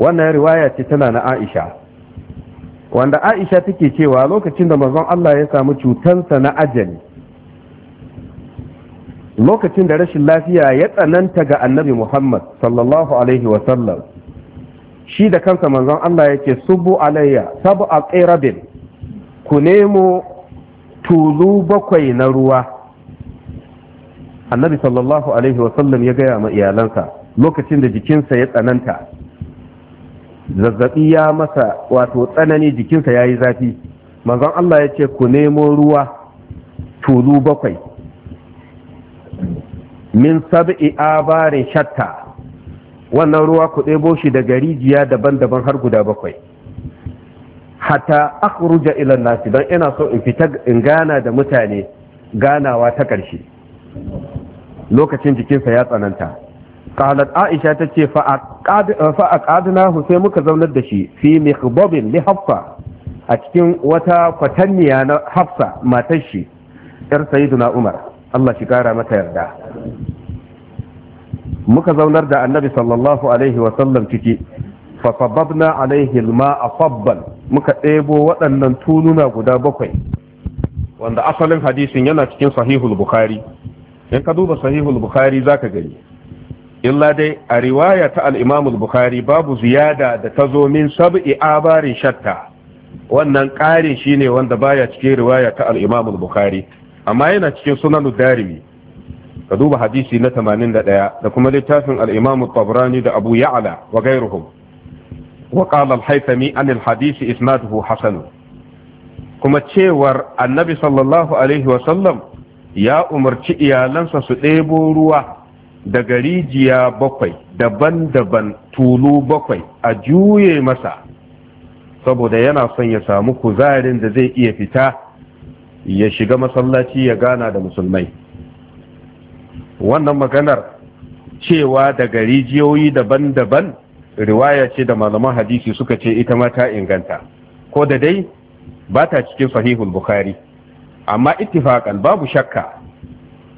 wannan riwaya ce tana na aisha wanda aisha take cewa lokacin da manzon Allah ya samu cutansa na ajali lokacin da rashin lafiya ya tsananta ga annabi muhammad sallallahu alaihi wasallam shi da kansa manzon Allah yake subu alayya sabu a tsirabin ku nemo tulu bakwai na ruwa annabi sallallahu alaihi wasallam ya gaya ma iyalansa lokacin da jikinsa ya tsananta zazzabi ya masa wato tsanani jikinsa ya yi zafi manzon Allah ya ce ku nemo ruwa tulu bakwai min sab'i abarin shatta wannan ruwa ku ɗebo shi daga rijiya daban-daban har guda bakwai hatta akhruja ila nasi don ina so in fita in gana da mutane ganawa ta ƙarshe lokacin jikinsa ya tsananta qalat aisha ta ce fa aqadnahu sai muka zaunar da shi fi mihbabin li hafsa a cikin wata kwatanniya na hafsa matar shi yar sayyiduna umar Allah shi kara mata yarda muka zaunar da annabi sallallahu alaihi wasallam ciki fasababna alaihi a sabban muka ɗebo waɗannan tununa guda bakwai wanda asalin hadisin yana cikin sahihul bukhari in ka duba sahihul bukhari zaka gani illa dai a riwaya ta al-imam bukhari babu ziyada da ta zo min sab'i abarin shatta wannan ƙarin shine wanda baya cikin riwaya ta al-imam bukhari amma yana cikin sunanu darimi ka duba hadisi na 81 da kuma littafin al-imam tabrani da abu ya'la wa ghayruhum wa qala al-haythami an al-hadisi isnaduhu hasan kuma cewar annabi sallallahu alaihi wa sallam ya umarci iyalansa su ɗebo ruwa daga rijiya bakwai daban-daban tulu bakwai a juye masa saboda yana son ya samu kuzarin da zai iya fita ya shiga masallaci ya gana da musulmai wannan maganar cewa daga rijiyoyi daban-daban riwaya ce da malaman hadisi suka ce ita mata inganta ko da dai ba ta cikin sahihul bukhari amma ittifaqan babu shakka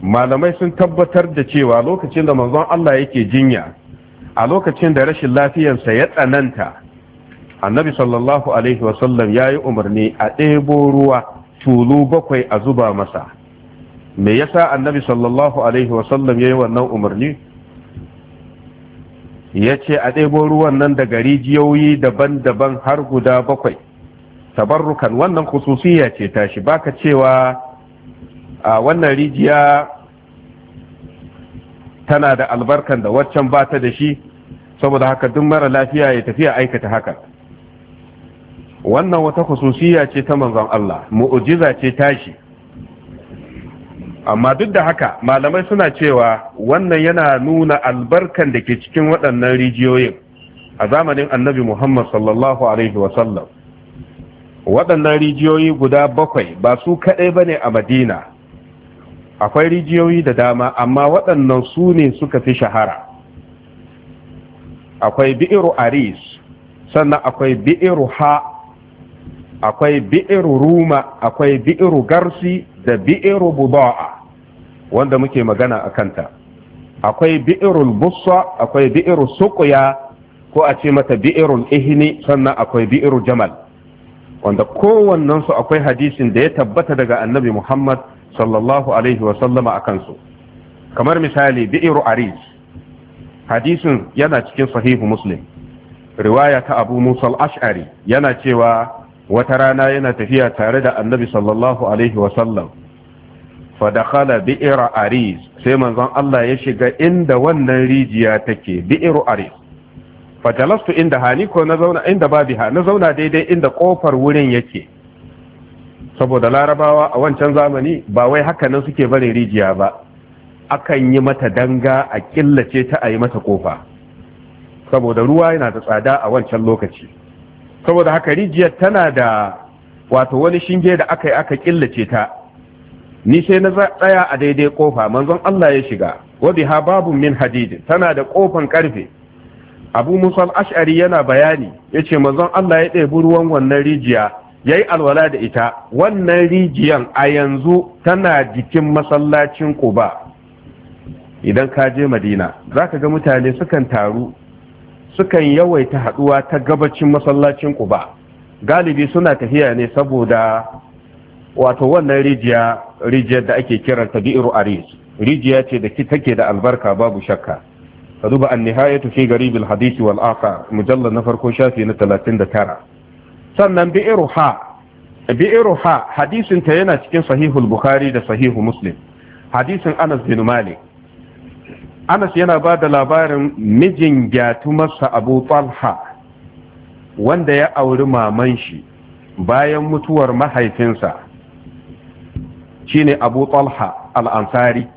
malamai sun tabbatar da cewa lokacin da manzon Allah yake jinya a lokacin da rashin lafiyansa ya tsananta annabi sallallahu alaihi wasallam ya yi umarni a ɗebo ruwa tulu bakwai a zuba masa me yasa annabi sallallahu alaihi wasallam ya yi wannan umarni ya ce a ɗebo ruwan nan daga rijiyoyi daban-daban har guda bakwai tabarrukan wannan khususiyya ce tashi baka cewa a wannan rijiya tana da albarkan da waccan bata da shi saboda haka duk mara lafiya ya tafiya aikata haka wannan wata khususiyya ce ta manzon Allah mu'ujiza ce tashi amma duk da haka malamai suna cewa wannan yana nuna albarkan da ke cikin waɗannan rijiyoyin a zamanin annabi muhammad sallallahu alaihi wasallam waɗannan rijiyoyi guda bakwai ba su kaɗai ba ne a madina akwai rijiyoyi da dama amma waɗannan su ne suka fi shahara akwai bi'iru aris sannan akwai bi'iru ha akwai bi'iru ruma akwai bi'iru garsi da bi'iru buba'a wanda muke magana a kanta akwai bi'irul busa akwai bi'irul suƙuya ko a ce mata bi'irul Ihini, sannan akwai bi'irul jamal wanda kowannensu akwai hadisin da ya tabbata daga annabi Muhammad sallallahu alaihi wa sallama a kansu kamar misali bi'iru aris hadisin yana cikin sahihu muslim riwaya ta abu musal ashari yana cewa wata rana yana tafiya tare da annabi sallallahu alaihi wa sallam fadakhala bi'ir aris sai manzon Allah ya shiga inda wannan rijiya take bi'ir aris fatalastu inda hani ko na zauna inda babiha na zauna daidai inda kofar wurin yake saboda larabawa a wancan zamani ba wai haka nan suke barin rijiya ba akan yi mata danga a killace ta a yi mata kofa saboda ruwa yana da tsada a wancan lokaci saboda haka rijiyar tana da wato wani shinge da aka yi aka killace ta ni sai na tsaya a daidai kofa manzon Allah ya shiga wa biha babun min hadidin tana da kofan karfe abu musal ash'ari yana bayani ya ce manzon Allah ya ɗebi ruwan wannan rijiya ya yi alwala da ita wannan rijiyan a yanzu tana jikin masallacin kuba idan ka je madina za ka ga mutane sukan taru sukan yawaita haɗuwa ta gabacin masallacin kuba galibi suna tafiya ne saboda wato wannan rijiya rijiyar da ake kiranta bi'iru aris rijiya ce da take da albarka babu shakka ka duba an nihayatu fi garibil hadisi wal aqa mujallal na farko shafi na 39 sannan bi'iru ha bi'iru ha hadisin ta yana cikin sahihul bukhari da sahihu muslim hadisin anas bin malik anas yana ba da labarin mijin gyatumarsa abu talha wanda ya auri maman shi bayan mutuwar mahaifinsa shine abu talha al-ansari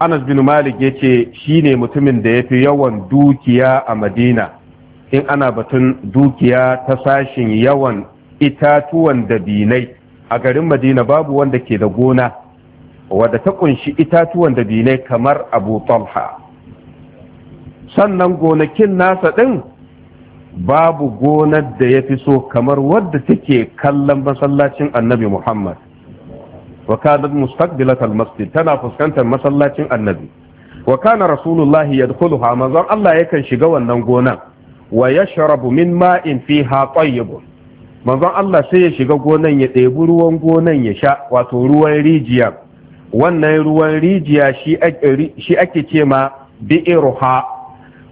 anas bin malik ya ce shine mutumin da ya fi yawan dukiya a madina in ana batun dukiya ta sashin yawan itatuwan dabinai a garin madina babu wanda ke da gona wadda ta kunshi itatuwan dabinai kamar abu talha sannan gonakin nasa ɗin babu gonar da ya fi so kamar wadda take kallon masallacin annabi muhammad wa kanat mustaqbilatal masjid tana fuskantar masallacin annabi wa kana rasulullahi yadkhuluha manzon Allah yakan shiga wannan gonan wa yashrabu min ma'in fiha tayyib manzon Allah sai ya shiga gonan ya ɗebi ruwan gonan ya sha wato ruwan rijiya wannan ruwan rijiya shi ake ce ma bi'iruha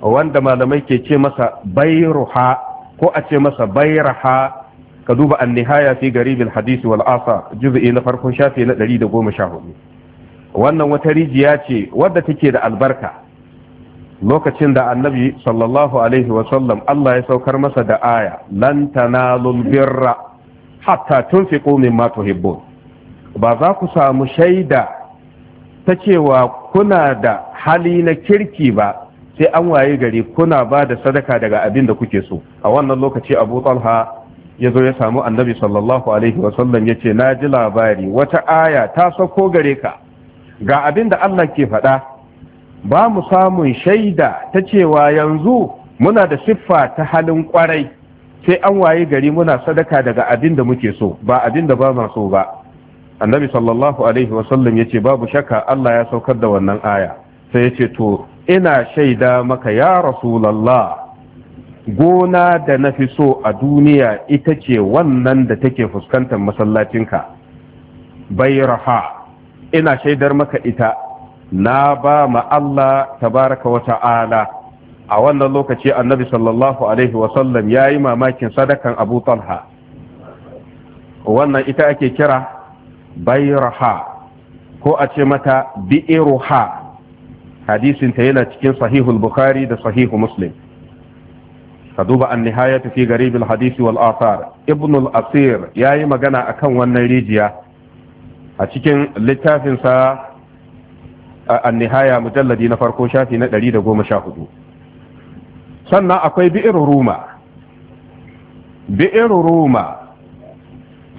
wanda malamai ke ce masa bairuha ko a ce masa bairaha ka duba an nihaya fi garibin hadisi wal asa juz'i na farkon shafi na 114 wannan wata rijiya ce wadda take da albarka lokacin da annabi sallallahu alaihi wa sallam Allah ya saukar masa da aya lan tanalul birra hatta tunfiqu mimma tuhibbun ba za ku samu shaida ta cewa kuna da hali na kirki ba sai an waye gari kuna ba da sadaka daga abin da kuke so a wannan lokaci abu talha ya zo ya samu annabi sallallahu alaihi wasallam ya ce na ji labari wata aya ta sauko gare ka ga abin da Allah ke faɗa ba mu samun shaida ta cewa yanzu muna da siffa ta halin kwarai sai an waye gari muna sadaka daga abin da muke so ba abin da ba ma so ba annabi sallallahu alaihi wasallam ya ce babu shakka Allah ya saukar da wannan aya sai ya ce to ina shaida maka ya rasulallah gona da na fi so a duniya ita ce wannan da take fuskantar masallacinka bayraha ina shaidar maka ita na ba ma Allah tabaraka wa ta'ala a wannan lokaci annabi sallallahu alaihi wasallam ya yi mamakin sadakan abu talha wannan ita ake kira bayraha ko a ce mata bi'iruha hadisinta yana cikin sahihul bukhari da sahihu muslim ka duba an nihayatu fi garib al hadisi wal athar ibn al asir yayi magana akan wannan rijiya a cikin littafinsa sa an nihaya mujalladi na farko shafi na 114 sannan akwai bi'ir ruma bi'ir ruma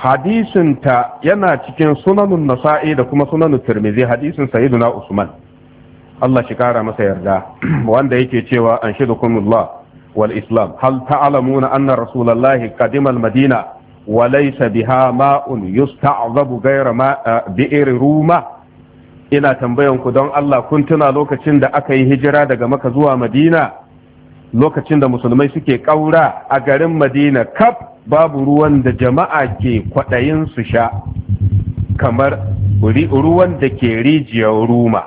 hadisinta yana cikin sunanun nasa'i da kuma sunanun tirmidhi hadisin sayyiduna usman Allah shi kara masa yarda wanda yake cewa an shidukumullah wal islam hal ta'lamuna anna rasulullahi qadima al madina wa laysa biha ma'un yusta'zabu ghayra ma eh, ruma ina tambayanku don Allah kun tuna lokacin da aka yi hijira daga maka zuwa madina lokacin da musulmai suke ƙaura a garin madina kaf babu ruwan da jama'a ke kwaɗayin su sha kamar ruwan da ke rijiyar ruma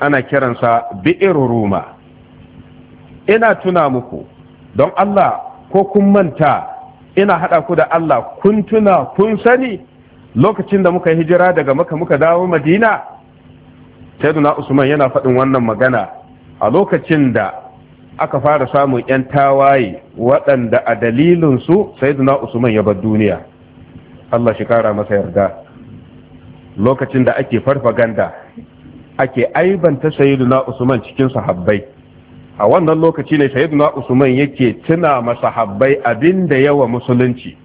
ana kiransa bi'ir ruma ina tuna muku don Allah ko kun manta ina haɗa ku da Allah kun tuna kun sani lokacin da muka hijira daga maka muka dawo madina saiduna usman yana faɗin wannan magana a lokacin da aka fara samun 'yan tawaye waɗanda a dalilinsu saiduna usman ya bar duniya Allah shi kara masa yarda lokacin da ake farfaganda ake aibanta sayiduna usman cikin sahabbai a wannan lokaci ne sayyiduna usman yake tuna masahabbai abin da yawa musulunci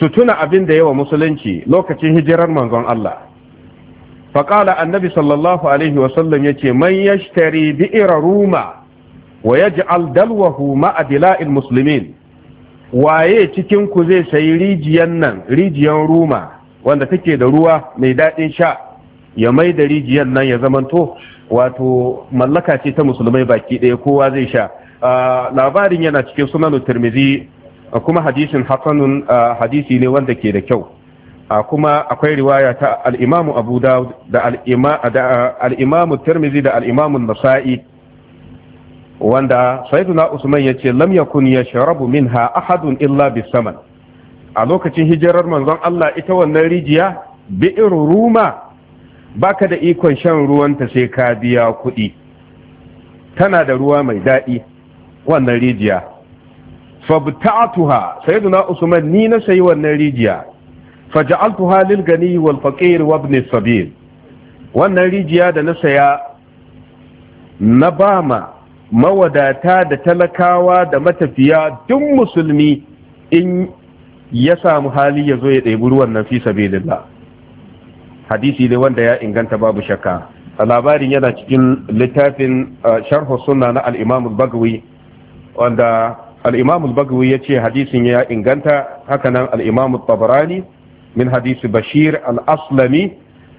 su tuna abin da yawa musulunci lokacin hijirar manzon Allah faƙala annabi sallallahu alaihi wasallam ya ce man yashtari bi'ira ruma wa yaj'al dalwahu ma'a dila'il muslimin waye cikin ku zai sayi rijiyan nan rijiyan ruma wanda take da ruwa mai daɗin sha ya mai da rijiyan nan ya zamanto wato mallaka ce ta musulmai baki ɗaya kowa zai sha labarin yana cikin sunan tirmidhi kuma hadisin Hassanun hadisi ne wanda ke da kyau kuma akwai riwaya ta al'imamu imam abu da al'imamu imam da al'imamu nasa'i wanda sayyiduna usman yace lam yakun yashrabu minha ahadun illa bisaman a lokacin hijirar manzon Allah ita wannan rijiya bi'ir ruma baka da ikon shan ruwanta sai ka biya kuɗi tana da ruwa mai daɗi wannan rijiya fabta'atuha sayyiduna usman ni na sayi wannan rijiya faja'altuha lil gani wal faqir wa ibn sabil wannan rijiya da na saya na bama mawadata da talakawa da matafiya duk musulmi in ya samu hali ya zo ya ɗebi ruwan nan fi sabilillah hadisi ne wanda ya inganta babu shakka labarin yana cikin littafin uh, sharhu sunna na al-imam al-bagawi wanda al-imam al-bagawi yace hadisin ya inganta hakanan al-imam al-tabarani min hadisi bashir al-aslami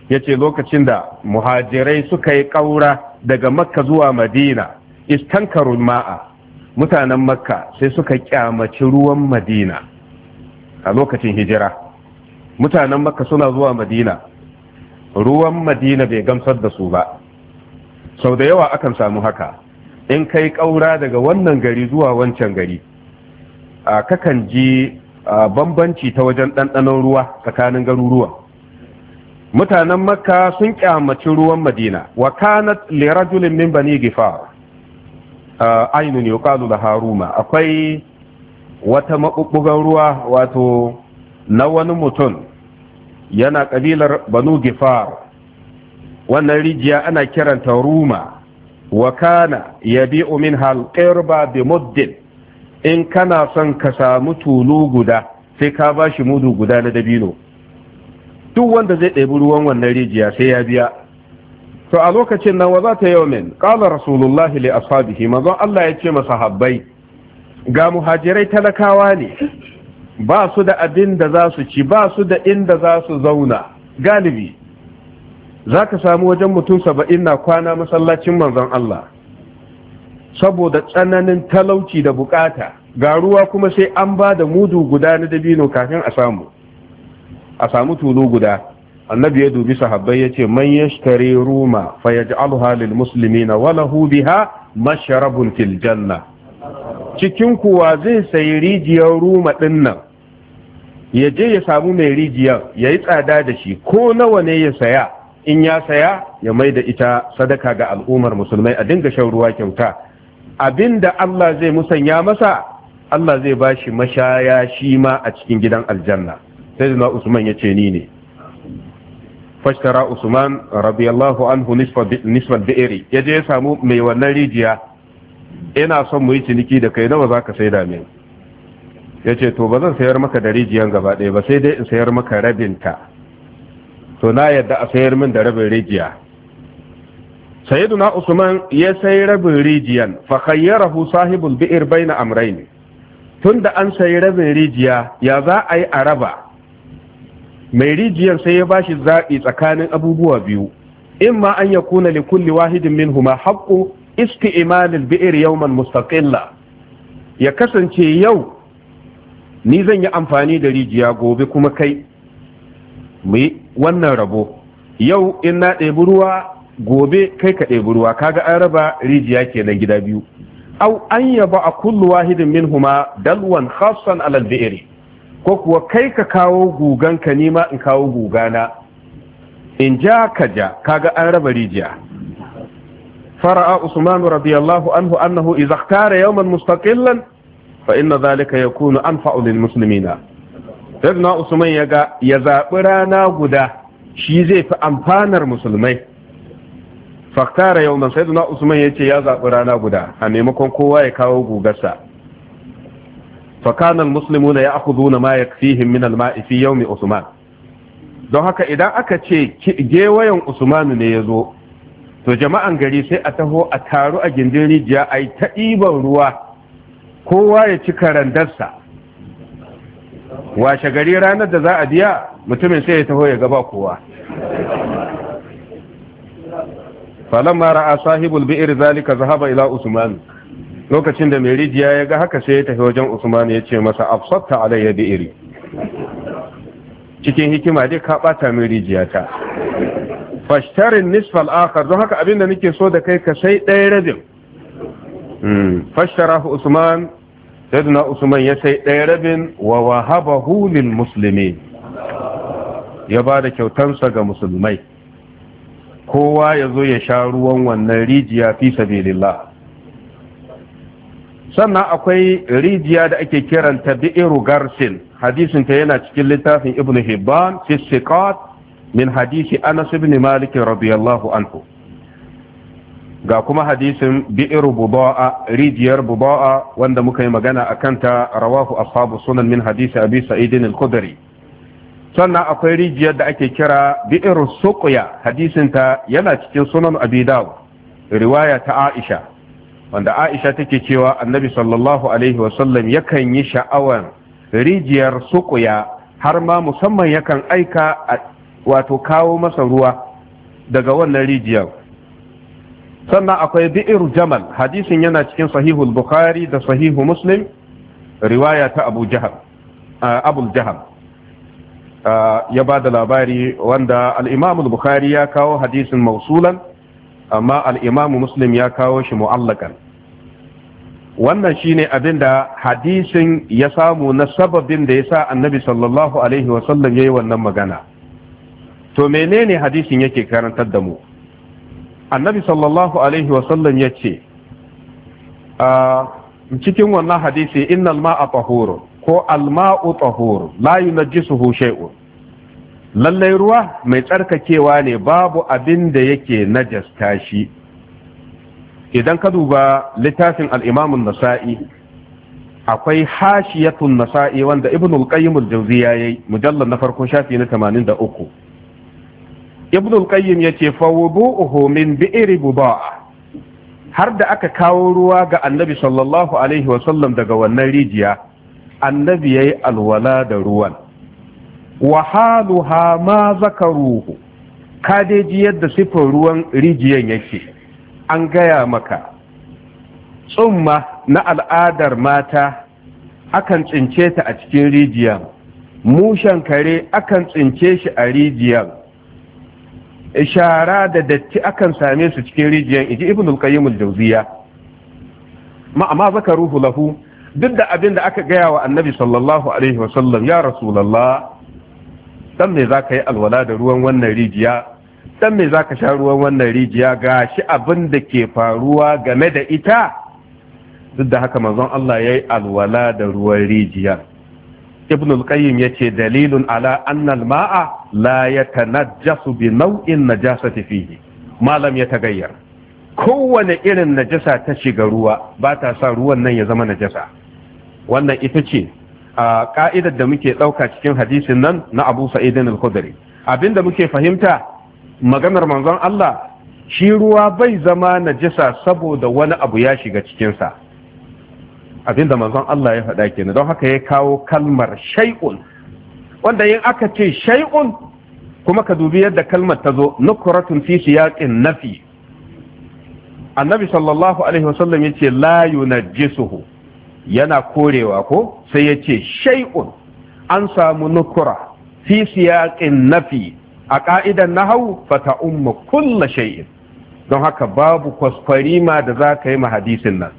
yace lokacin da muhajirai suka yi kaura daga makka zuwa madina istankaru ma'a mutanen makka sai suka kyamaci ruwan madina a lokacin hijira mutanen makka suna zuwa madina ruwan madina bai gamsar da su ba sau da yawa akan samu haka in kai ƙaura daga wannan gari zuwa wancan gari a kakan ji bambanci ta wajen ɗanɗanon ruwa tsakanin garuruwa mutanen makka sun kyamaci ruwan madina wa kanat li rajulin min bani gifar ainun yuqalu da haruma akwai wata maɓuɓɓugan ruwa wato na wani mutum yana kabilar banu gifar wannan rijiya ana kiranta ruma wa kana ya yabi'u min ba bi muddin in kana son ka samu tulu guda sai ka ba shi mudu guda na dabino duk wanda zai ɗebi ruwan wannan rijiya sai ya biya to a lokacin nan wa za ta yau min ƙala rasulullahi li ashabihi manzon Allah ya ce masa habbai ga muhajirai talakawa ne ba su da abin da za su ci ba su da inda za su zauna galibi za ka samu wajen mutum saba'in na kwana masallacin manzon Allah saboda tsananin talauci da bukata ga ruwa kuma sai an ba da mudu guda na dabino kafin a samu a samu tulu guda annabi ya dubi sahabbai ya ce man yashtari ruma fa yaj'alha lil muslimina wa lahu biha masharabun fil janna cikin kuwa zai sayi rijiyar ruma dinnan ya je ya samu mai rijiyar ya yi tsada da shi ko nawa ne ya saya in ya saya ya mai da ita sadaka ga al'ummar musulmai a dinga shan ruwa kyauta abin da Allah zai musanya masa Allah zai ba shi mashaya shi ma a cikin gidan aljanna sai Usman ya ce ni ne fashtara Usman radiyallahu anhu nisfal bi'ri ya je ya samu mai wannan rijiya ina son mu yi ciniki da kai nawa zaka saida min ya ce to ba zan sayar maka da rijiyar gaba ɗaya ba sai dai in sayar maka rabinta to na yadda a sayar min da rabin rijiya sayiduna usman ya sayi rabin rijiyan fa khayyarahu sahibul bi'ir baina amrayn tunda an sayi rabin rijiya ya za a yi a raba mai rijiyar sai ya bashi zaɓi tsakanin abubuwa biyu in ma an ya kuna li kulli wahidin min huma haƙƙo isti'imalil bi'ir yawman mustaqilla ya kasance yau ni zan yi amfani da rijiya gobe kuma kai mu yi wannan rabo yau in na ɗebi ruwa gobe kai ka ɗebi ruwa kaga an raba rijiya ke nan gida biyu au an yaba a kullu wahidin min minhuma dalwan khassan alal bi'ri ko kuwa kai ka kawo gugan ka nima in kawo gugana in ja ka ja kaga an raba rijiya fara'a usman radiyallahu anhu annahu idza ikhtara yawman mustaqillan fa inna zalika yakunu anfa'u lil muslimina sayyidina usman ya ga ya zabi rana guda shi zai fi amfanar musulmai faktara yau nan sayyidina usman ya ce ya zabi rana guda a maimakon kowa ya kawo gugarsa fakanan muslimuna ya akhuduna ma yakfihim min al-ma'i fi yawmi usman don haka idan aka ce gewayen Usman ne ya zo to jama'an gari sai a taho a taru a gindin rijiya ai ta ɗiban ruwa kowa ya ci karandarsa washe gari ranar da za a biya mutumin sai ya taho ya gaba kowa Falon mara a sahibul bi'ir zalika zahaba ila usman lokacin da mai rijiya ya ga haka sai ya tafi wajen usman ya ce masa afsatta alayya bi'iri cikin hikima dai ka bata mai rijiya ta fashtarin nisfal akhar don haka abinda nake so da kai ka sai ɗaya rabin hmm. Fashtara usman sayyidina usman ya sai ɗaya rabin wa wahabahu ya ba da kyautansa ga musulmai kowa ya zo ya sha ruwan wannan rijiya fi sabilillah sannan akwai rijiya da ake kiranta bi'iru garsin hadisin ta yana cikin littafin ibn hibban fi min hadisi anas ibn malik radiyallahu anhu ga kuma hadisin bi'ir buda'a rijiyar buda'a wanda muka yi magana a kanta rawahu ashabu sunan min hadisi abi sa'idin al-khudri sannan akwai rijiyar da ake kira bi'ir suqya hadisin ta yana cikin sunan abi dawud riwaya ta aisha wanda aisha take cewa annabi sallallahu alaihi wasallam yakan yi sha'awan rijiyar suqya har ma musamman yakan aika wato kawo masa ruwa daga wannan rijiyar sannan akwai bi'ir jamal hadisin yana cikin sahihul bukhari da sahihu muslim riwaya ta abu jahal abul jahal ya ba da labari wanda al'imamul bukhari ya kawo hadisin mausulan amma al'imamu muslim ya kawo shi mu'allakan wannan shine abin da hadisin ya samu na sababin da ya sa annabi sallallahu alaihi wasallam ya yi wannan magana to menene hadisin yake karantar da mu annabi sallallahu alaihi wasallam ya ce cikin wannan hadisi innal ma'a tahurun ko alma'u tahurun la yunajjisuhu shay'un lallai ruwa mai tsarkakewa ne babu abin da yake najasta shi idan ka duba littafin al'imamun nasa'i akwai hashiyatun nasa'i wanda ibn al-qayyim al-jawziya yayi mujallal na farko shafi na 83 ibn al-qayyim yace fa wudu'uhu min bi'ri buba'a har da aka kawo ruwa ga annabi sallallahu alaihi wa sallam daga wannan rijiya annabi yayi alwala da ruwan wa haluha ma zakaruhu ka dai yadda sifin ruwan rijiyan yake an gaya maka tsumma na al'adar mata akan tsince ta a cikin rijiyan mushen kare akan tsince shi a rijiyan Ishara da datti akan same su cikin rijiyar inji ibn al-qayyim al-jawziya ma amma zakaruhu lahu duk da abin da aka gaya wa annabi sallallahu alaihi wa sallam ya rasulullah dan me zaka yi alwala da ruwan wannan rijiya dan me zaka sha ruwan wannan rijiya gashi abin da ke faruwa game da ita duk da haka manzon Allah yayi alwala da ruwan rijiya ibn al-qayyim yace dalilun ala anna al-ma'a la yatanajjasu bi naw'in najasati fihi ma lam yataghayyar kowane irin najasa ta shiga ruwa ba ta sa ruwan nan ya zama najasa wannan ita ce a ka'idar da muke ɗauka cikin hadisin nan na Abu Sa'id al-Khudri abinda muke fahimta maganar manzon Allah shi ruwa bai zama najasa saboda wani abu ya shiga cikinsa abinda manzon Allah ya faɗa kenan don haka ya kawo kalmar shay'un wanda yin aka ce shay'un kuma ka dubi yadda kalmar ta zo nukuratun fi siyaqin nafi annabi sallallahu alaihi wasallam yace la yunajjisuhu yana korewa ko sai yace shay'un an samu nukura fi siyaqin nafi a ka'idan nahawu fata umma kullu shay'in don haka babu kwaskwarima da za ka yi ma hadisin nan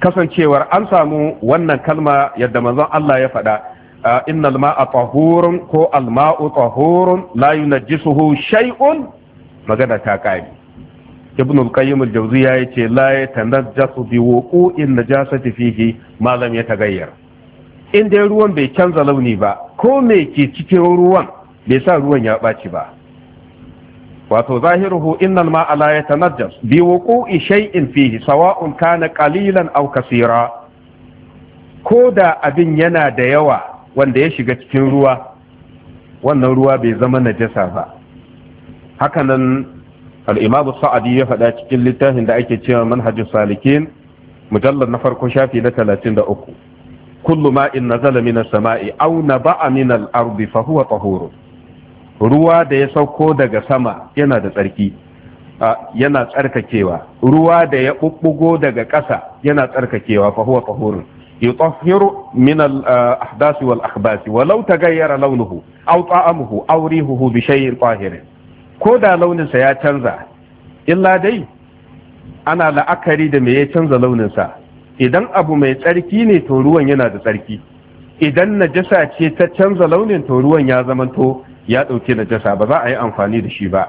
kasancewar an samu wannan kalma yadda manzon Allah ya faɗa innal ma'a tahurun ko alma'u tahurun la yunajjisuhu shay'un magana ta kai ibn al-qayyim al-jawziya yace la yatanajjasu bi wuqu'in najasati fihi ma lam yataghayyar in dai ruwan bai canza launi ba ko me ke cikin ruwan bai sa ruwan ya ɓaci ba wato zahiruhu innal ma'a la yatanajjas bi wuqu'i shay'in fihi sawa'un kana qalilan aw kaseera ko da abin yana da yawa wanda ya shiga cikin ruwa wannan ruwa bai zama najasa ba hakanan al-imamu sa'adi ya faɗa cikin littafin da ake cewa manhajus salikin mujallad na farko shafi na 33 kullu ma'in nazala minas sama'i aw naba'a minal ardi fa huwa tahurun ruwa da ya sauko daga sama yana da tsarki yana tsarkakewa ruwa da ya bubbugo daga ƙasa yana tsarkakewa fa huwa tahurun yutahhiru min al ahdasi wal akhbasi walau tagayyara launuhu aw ta'amuhu aw rihuhu bi shay'in tahir ko da launin sa ya canza illa dai ana la'akari da me ya canza launin sa idan abu mai tsarki ne to ruwan yana da tsarki idan najasa ce ta canza launin to ruwan ya zamanto ya ɗauke najasa ba za a yi amfani da shi ba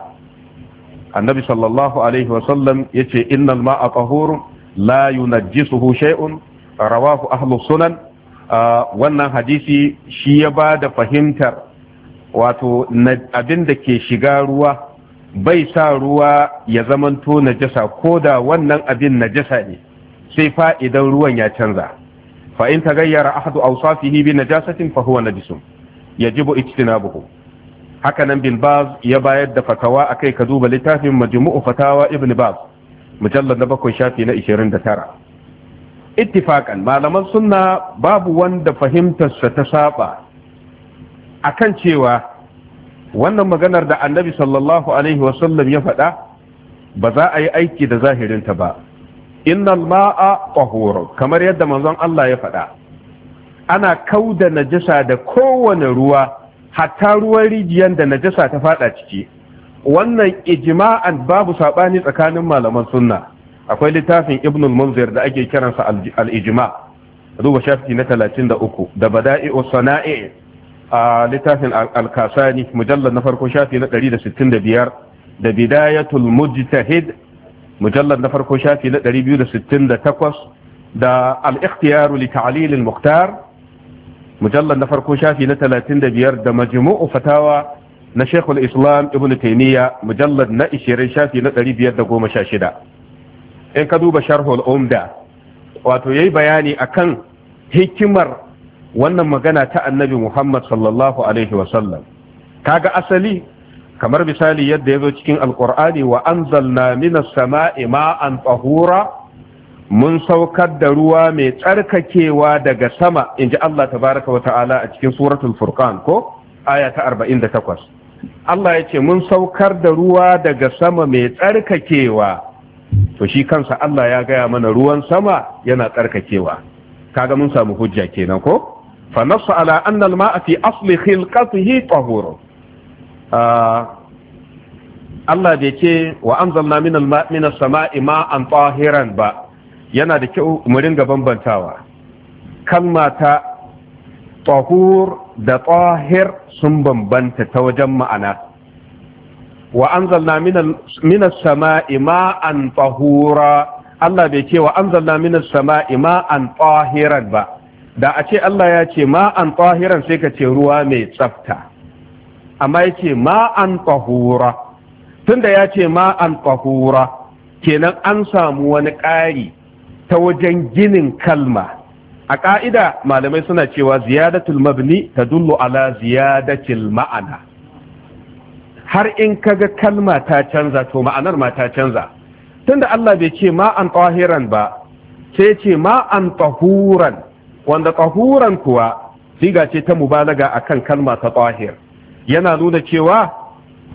annabi sallallahu alaihi wasallam ya ce innal ma'a tahurun la yunajjisuhu shay'un rawahu ahlus sunan wannan hadisi shi ya ba da fahimtar wato abin da ke shiga ruwa bai sa ruwa ya zamanto najasa ko da wannan abin najasa ne sai fa'idan ruwan ya canza fa'in ta gayyara ahadu ausafihi bi najasatin fa huwa najisun yajibu ijtinabuhu Hakanan nan bin baz ya bayar da fatawa kai ka duba littafin majmu'u fatawa ibn baz mujallad na bakwai shafi na 29 ittifaqan malaman sunna babu wanda fahimtarsa ta saba akan cewa wannan maganar da annabi sallallahu alaihi wasallam ya faɗa ba za a yi aiki da zahirinta ba innal ma'a tahuru kamar yadda manzon Allah ya faɗa ana kauda najasa da kowane ruwa hatta ruwan rijiyan da najasa ta fada ciki wannan ijma'an babu sabani tsakanin malaman sunna akwai littafin ibnul munzir da ake kiransa al-ijma duba shafi na 33 da Bada'i wa sana'i a littafin al-kasani mujallad na farko shafi na 165 da bidayatul mujtahid Mujallar na farko shafi na 268 da al-ikhtiyaru li ta'lil al-mukhtar mujallar na farko shafi na talatin da majmu'u fatawa na Sheikhul Islam Ibn taimiyya mujallar na ishirin shafi na shida. in ka duba Sharhul Umda wato yayi bayani akan hikimar wannan magana ta Annabi Muhammad sallallahu alaihi wa sallam kaga asali kamar misali yadda ya zo cikin alkur'ani wa anzalna minas sama'i ma'an tahura mun saukar da ruwa mai tsarkakewa daga sama in ji Allah tabaraka wa ta'ala a cikin suratul Furkan ko aya ta 48 Allah ya ce mun saukar da ruwa daga sama mai tsarkakewa to shi kansa Allah ya gaya mana ruwan sama yana tsarkakewa kaga mun samu hujja kenan ko fa ala anna maa fi asli khilqatihi ah, Allah bai ce wa anzalna min al samai ma'an tahiran ba yana da kyau mu ringa bambantawa Kan mata, tahur da tahir sun bambanta ta wajen ma'ana wa anzalna minas sama'i ma'an tahura Allah bai ce wa anzalna minas sama'i ma'an tahiran ba da a ce Allah ya ce ma'an tahiran sai ka ce ruwa mai tsafta amma ya ce ma'an tahura tunda ya ce ma'an tahura kenan an samu wani ƙari ta wajen ginin kalma a ƙa'ida malamai suna cewa ziyadatul mabni ta dullu ala ziyadatil ma'ana har in kaga kalma ta canza to ma'anar ma ta canza tunda Allah bai ce ma'an ƙahiran ba sai ce ma'an ƙahuran wanda ƙahuran kuwa siga ce ta mubalaga akan kalma ta ƙahir yana nuna cewa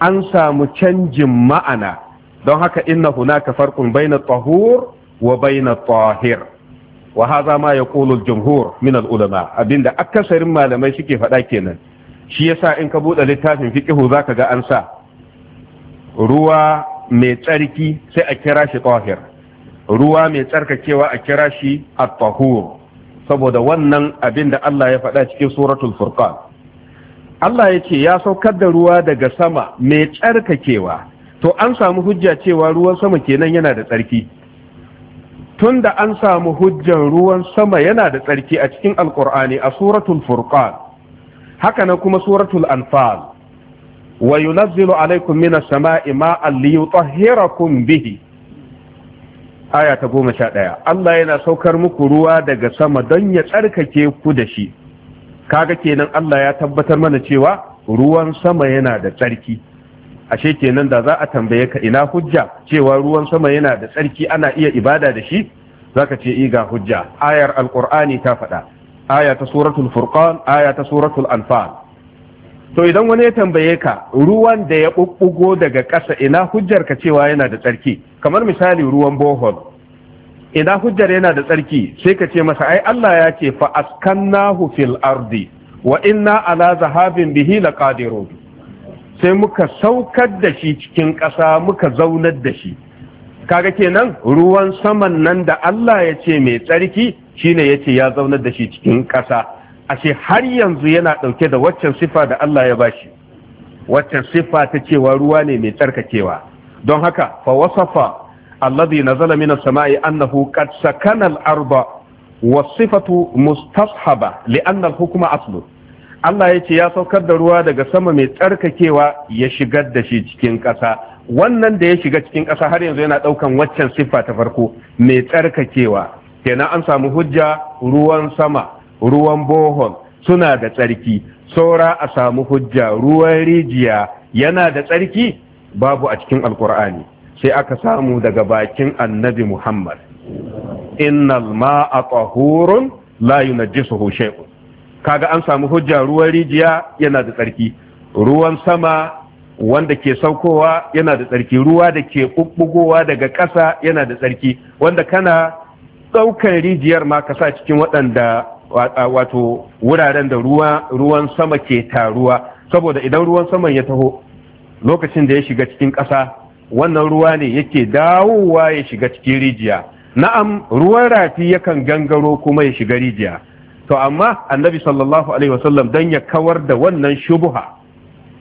an samu canjin ma'ana don haka inna hunaka farqun baina tahur wa baina tahir wahazama ya ma yaqulu jumhur min al-ulama abinda akasarin malamai suke faɗa kenan shi yasa in ka buɗe littafin fiqhu zaka ga an sa ruwa mai tsarki sai a kira shi tahir ruwa mai tsarkakewa a kira shi a tahur saboda wannan abin da Allah ya faɗa cikin suratul furqan Allah ya ce ya saukar da ruwa daga sama mai tsarkakewa to an samu hujja cewa ruwan sama kenan yana da tsarki tun da an samu hujjan ruwan sama yana da tsarki a cikin alkur'ani a suratul furqan haka na kuma suratul anfal wa yunazzilu alaikum minas sama'i ma'an liyutahhirakum bihi aya ta goma sha ɗaya Allah yana saukar muku ruwa daga sama don ya tsarkake ku da shi kaga kenan Allah ya tabbatar mana cewa ruwan sama yana da tsarki ashe kenan da za a tambaye ka ina hujja cewa ruwan sama yana da tsarki ana iya ibada da shi zaka ce iga hujja ayar alqur'ani ta faɗa aya ta suratul furqan aya ta suratul anfal to idan wani ya tambaye ka ruwan da ya bubbugo daga ƙasa ina hujjar ka cewa yana da tsarki kamar misali ruwan bohol ina hujjar yana da tsarki sai ka ce masa ai Allah ya ce fa askannahu fil ardi wa inna ala zahabin bihi laqadirun sai muka saukar da shi cikin ƙasa muka zaunar da shi kaga kenan ruwan saman nan da Allah ya ce mai tsarki shine ya ce ya zaunar da shi cikin ƙasa ashe har yanzu yana ɗauke da waccan sifa da Allah ya bashi waccan sifa ta cewa ruwa ne mai tsarkakewa don haka fa wasafa alladhi nazala minas sama'i annahu qad sakana al-arba wa sifatu mustashaba li anna al-hukma aslu Allah ya ce ya saukar da ruwa daga sama mai tsarkakewa ya shigar da shi cikin ƙasa wannan da ya shiga cikin ƙasa har yanzu yana ɗaukan waccan siffa ta farko mai tsarkakewa kenan an samu hujja ruwan sama ruwan bohon suna da tsarki saura a samu hujja ruwan rijiya yana da tsarki babu a cikin alkur'ani sai aka samu daga bakin annabi muhammad innal ma'a tahurun la yunajjisuhu shay'un kaga an samu hujja ruwan rijiya yana da tsarki ruwan sama wanda ke saukowa yana da tsarki ruwa da ke ɓuɓɓugowa daga ƙasa yana da tsarki wanda kana ɗaukar rijiyar ma ka sa cikin waɗanda wato wuraren da ruwan sama ke taruwa saboda idan ruwan saman ya taho lokacin da ya shiga cikin ƙasa wannan ruwa ne yake dawowa ya shiga cikin rijiya na'am ruwan rafi yakan gangaro kuma ya shiga rijiya to amma annabi sallallahu alaihi wasallam dan ya kawar da wannan shubuha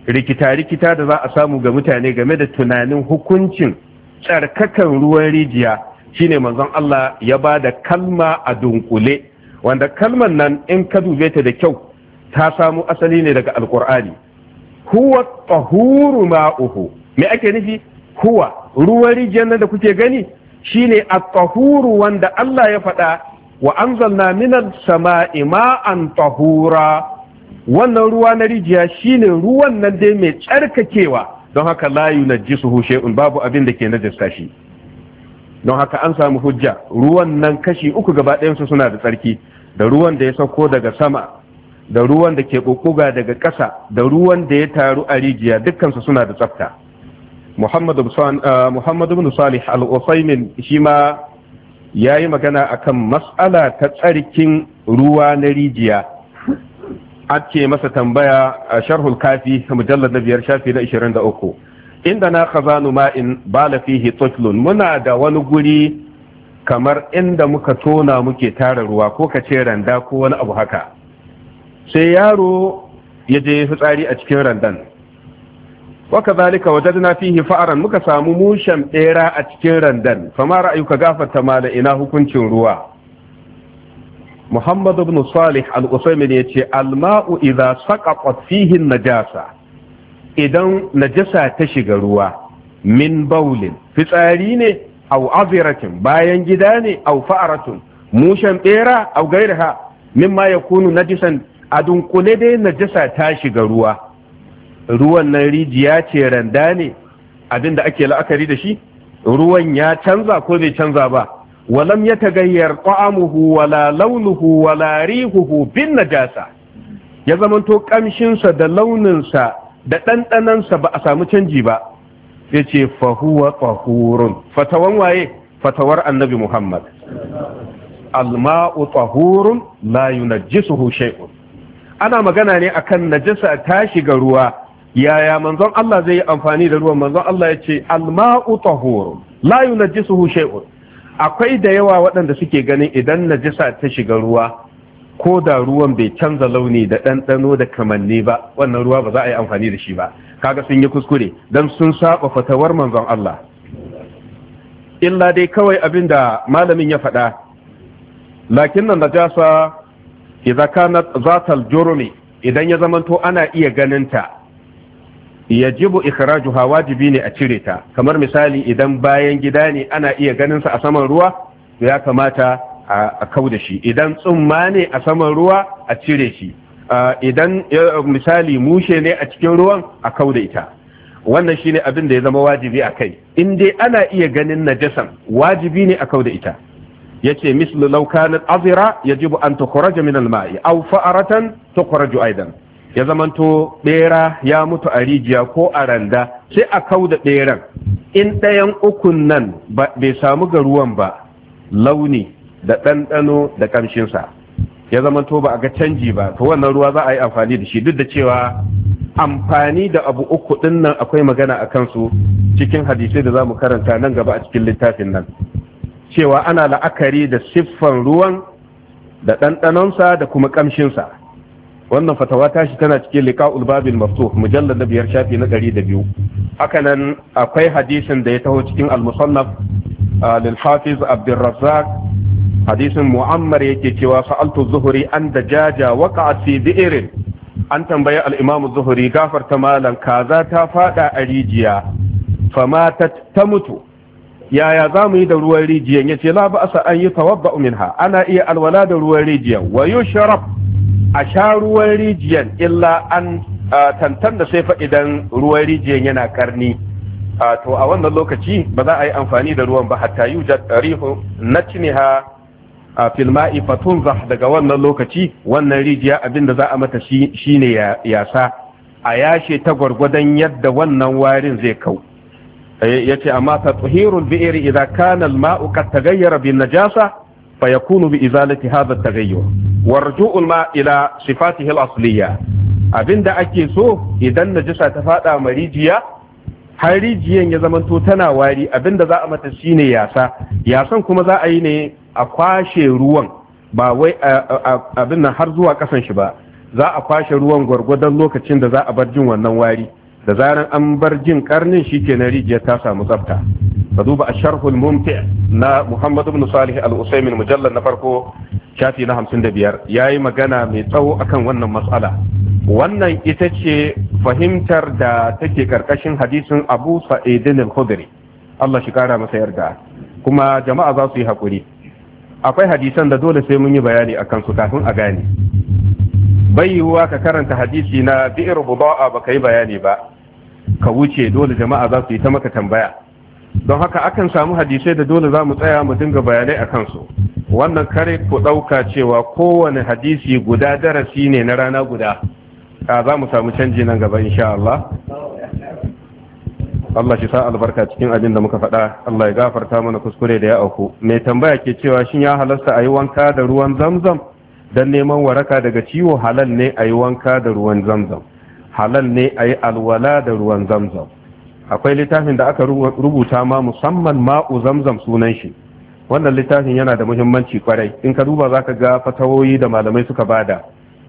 rikita rikita da za a samu ga mutane game da tunanin hukuncin tsarkakan ruwan rijiya shine manzon Allah ya ba da kalma a dunkule wanda kalman nan in ka dube ta da kyau ta samu asali ne daga alkur'ani huwa tahuru ma'uhu me ake nufi huwa ruwan rijiyar nan da kuke gani shine at-tahuru wanda Allah ya faɗa wa anzalna minas sama'i ma'an tahura wannan ruwa na rijiya shine ruwan nan dai mai tsarkakewa don haka na yunajjisuhu shay'un babu abin da ke najasta shi don haka an samu hujja ruwan nan kashi uku gaba ɗayansu suna da tsarki da ruwan da ya sauko daga sama da ruwan da ke ƙuƙuga daga ƙasa da ruwan da ya taru a rijiya dukkansu suna da tsafta Muhammadu eh, Bin salih al-usaimin shi ma ya yi magana a kan matsala ta tsarkin ruwa na rijiya A ake masa tambaya a sharhul kafi mujallar na biyar shafi na 23 inda na khazanu ma'in bala fihi tutlun muna da wani guri kamar inda muka tona muke tara ruwa ko ka ce randa ko wani abu haka sai yaro ya je fitsari a cikin randan waka zalika wajadna fihi fa'aran muka samu mushen bera a cikin randan fama ra'ayuka gafarta mala ina hukuncin ruwa Muhammad ibn Salih al-Usaymin yace alma'u mau idza saqaqat najasa idan najasa ta shiga ruwa min baulin fitsari ne aw aziratin bayan gida ne aw fa'aratun mushen bera aw gairaha mimma yakunu najisan a dunkule dai najasa ta shiga ruwa ruwan nan rijiya ce randa ne abin da ake la'akari da shi ruwan ya canza ko bai canza ba walam ya tagayyar ta'amuhu wala launuhu wala rihuhu bin najasa ya zamanto kamshinsa da launinsa da ɗanɗanansa ba a samu canji ba ya ce fahuwa tsahurun fatawan waye fatawar annabi muhammad alma'u tsahurun la yunajjisuhu shay'un ana magana ne akan najasa ta shiga ruwa yaya manzon Allah zai yi amfani da ruwan manzon Allah ya ce alma'u tahurun la yunajjisuhu shay'un akwai da yawa waɗanda suke ganin idan najisa ta shiga ruwa ko da ruwan bai canza launi da ɗanɗano da kamanni ba wannan ruwa ba za a yi amfani da shi ba kaga sun yi kuskure Dan sun saba fatawar manzon Allah illa dai kawai abin da malamin ya faɗa lakin nan najasa idan kanat zatal jurumi idan ya zamanto ana iya ganin ta yajibu ikhrajuha wajibi ne a cire ta kamar misali idan bayan gida ne ana iya ganin sa a saman ruwa to ya kamata a kau da shi idan tsumma ne a saman ruwa a cire shi idan misali mushe ne a cikin ruwan a kau da ita wannan shine abin da ya zama wajibi a kai in dai ana iya ganin najasan wajibi ne a kau da ita yace mislu law kanat azira yajibu an tukhraja min al-ma'i aw fa'aratan tukhraju aidan ya zamanto ɓera ya mutu a rijiya ko a randa sai a kau da ɓeran in ɗayan ukun nan bai samu ga ruwan ba launi da ɗanɗano da ƙamshinsa ya zamanto ba a ga canji ba to wannan ruwa za a yi amfani da shi duk da cewa amfani da abu uku ɗin nan akwai magana a kansu cikin hadisai da za mu karanta nan gaba a cikin littafin nan cewa ana la'akari da siffan ruwan da ɗanɗanonsa da kuma ƙamshinsa wannan fatawa shi tana cikin liqa'ul babil maftuh mujallad na biyar shafi na 102 haka nan akwai hadisin da ya taho cikin al-musannaf lil hafiz abdurrazzaq hadisin mu'ammar yake cewa sa'altu zuhri an dajaja waqa'at fi bi'rin an tambaye al-imam zuhri gafarta malan kaza ta fada a rijiya famatat ta mutu yaya za mu yi da ruwan rijiyan yace la ba'sa an yi tawabba'u minha ana iya alwala da ruwan rijiyan wa yushrab a sha ruwan rijiyan illa an tantan da sai fa idan ruwan rijiyan yana karni to a wannan lokaci ba za a yi amfani da ruwan ba hatta yujad rihu natniha a filma'i fatunza daga wannan lokaci wannan rijiya abinda za a mata shine yasa a yashe ta gwargwadon yadda wannan warin zai kau eh, yace amma ta, bi'ri idza idan kanal mau qad bin najasa fa yakunu bi izalati haza ta taghayyur Warju'u ruju'ul ma ila sifatihi al-asliya abinda ake so idan najasa ta fada rijiya, har rijiyan ya zamanto tana wari abinda za a mata shine yasa yasan kuma za a yi ne a kwashe ruwan ba wai abin nan har zuwa kasan shi ba za a kwashe ruwan gwargwadon lokacin da za a bar jin wannan wari da zaran an bar jin karnin shi ke na rijiyar ta samu tsafta ka duba a sharhul mumti na muhammad ibn salih al-usaimin mujallar na farko shafi na hamsin da biyar ya yi magana mai tsawo akan wannan matsala wannan ita ce fahimtar da take karkashin hadisin abu sa'idin al-khudri allah shi kara masa yarda kuma jama'a za su yi hakuri akwai hadisan da dole sai mun yi bayani akan su kafin a gane bai yiwuwa ka karanta hadisi na bi'ir buda'a baka yi bayani ba ka wuce dole jama'a za su yi ta maka tambaya don haka akan samu hadisai da dole za mu tsaya mu dinga bayanai a kansu wannan kare ku ɗauka cewa kowane hadisi guda darasi ne na rana guda a za mu samu canji nan gaba insha Allah Allah shi sa albarka cikin abin da muka faɗa Allah ya gafarta mana kuskure da ya auku mai tambaya ke cewa shin ya halasta a yi wanka da ruwan zamzam don neman waraka daga ciwo halal ne a yi wanka da ruwan zamzam halal ne a yi alwala da ruwan zamzam akwai littafin da aka rubuta ma musamman ma'u zamzam sunan shi wannan littafin yana da muhimmanci kwarai in ka duba zaka ga fatawoyi da malamai suka bada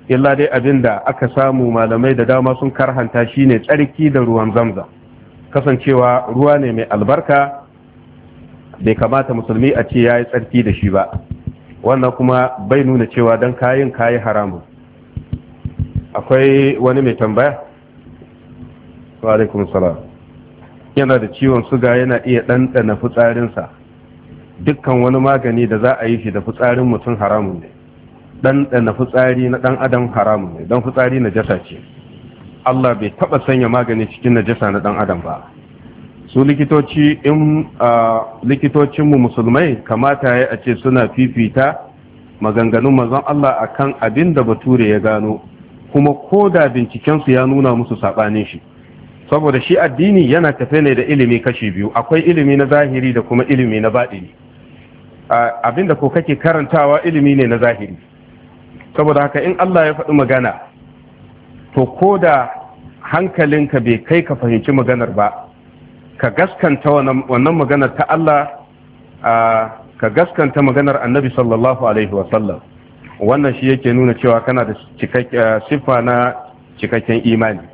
illa dai abin da aka samu malamai da dama sun karhanta shine tsarki da ruwan zamzam kasancewa ruwa ne mai albarka bai kamata musulmi a ce ya yi tsarki da shi ba wannan kuma bai nuna cewa don kayan kayi haramun akwai wani mai tambaya? alaikum salam yana da ciwon suga yana iya ɗanɗana fitsarinsa dukkan wani magani da za a yi shi da fitsarin mutum haramun ne ɗanɗana fitsari na ɗan adam haramun ne don fitsari na jasa ce Allah bai taɓa sanya magani cikin na jasa na ɗan adam ba su likitoci in likitocinmu musulmai kamata ya a ce suna fifita maganganun mazan Allah a kan abin da bature ya gano kuma ko da bincikensu ya nuna musu saɓanin shi saboda shi addini yana tafe ne da ilimi kashi biyu akwai ilimi na zahiri da kuma ilimi na baɗini abin da ko kake karantawa ilimi ne na zahiri saboda haka in Allah ya faɗi magana to ko da hankalinka bai kai ka fahimci maganar ba ka gaskanta wannan maganar ta Allah ka gaskanta maganar annabi sallallahu alaihi wasallam wannan shi yake nuna cewa kana da siffa na cikakken imani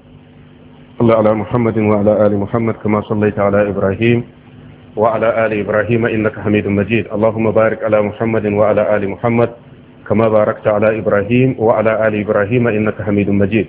Allah ala Muhammadin wa ala ali Muhammad kama sallaita ala Ibrahim wa ala ali Ibrahim innaka Hamidum Majid Allahumma barik ala Muhammadin wa ala ali Muhammad kama barakta ala Ibrahim wa ala ali Ibrahim innaka Hamidum Majid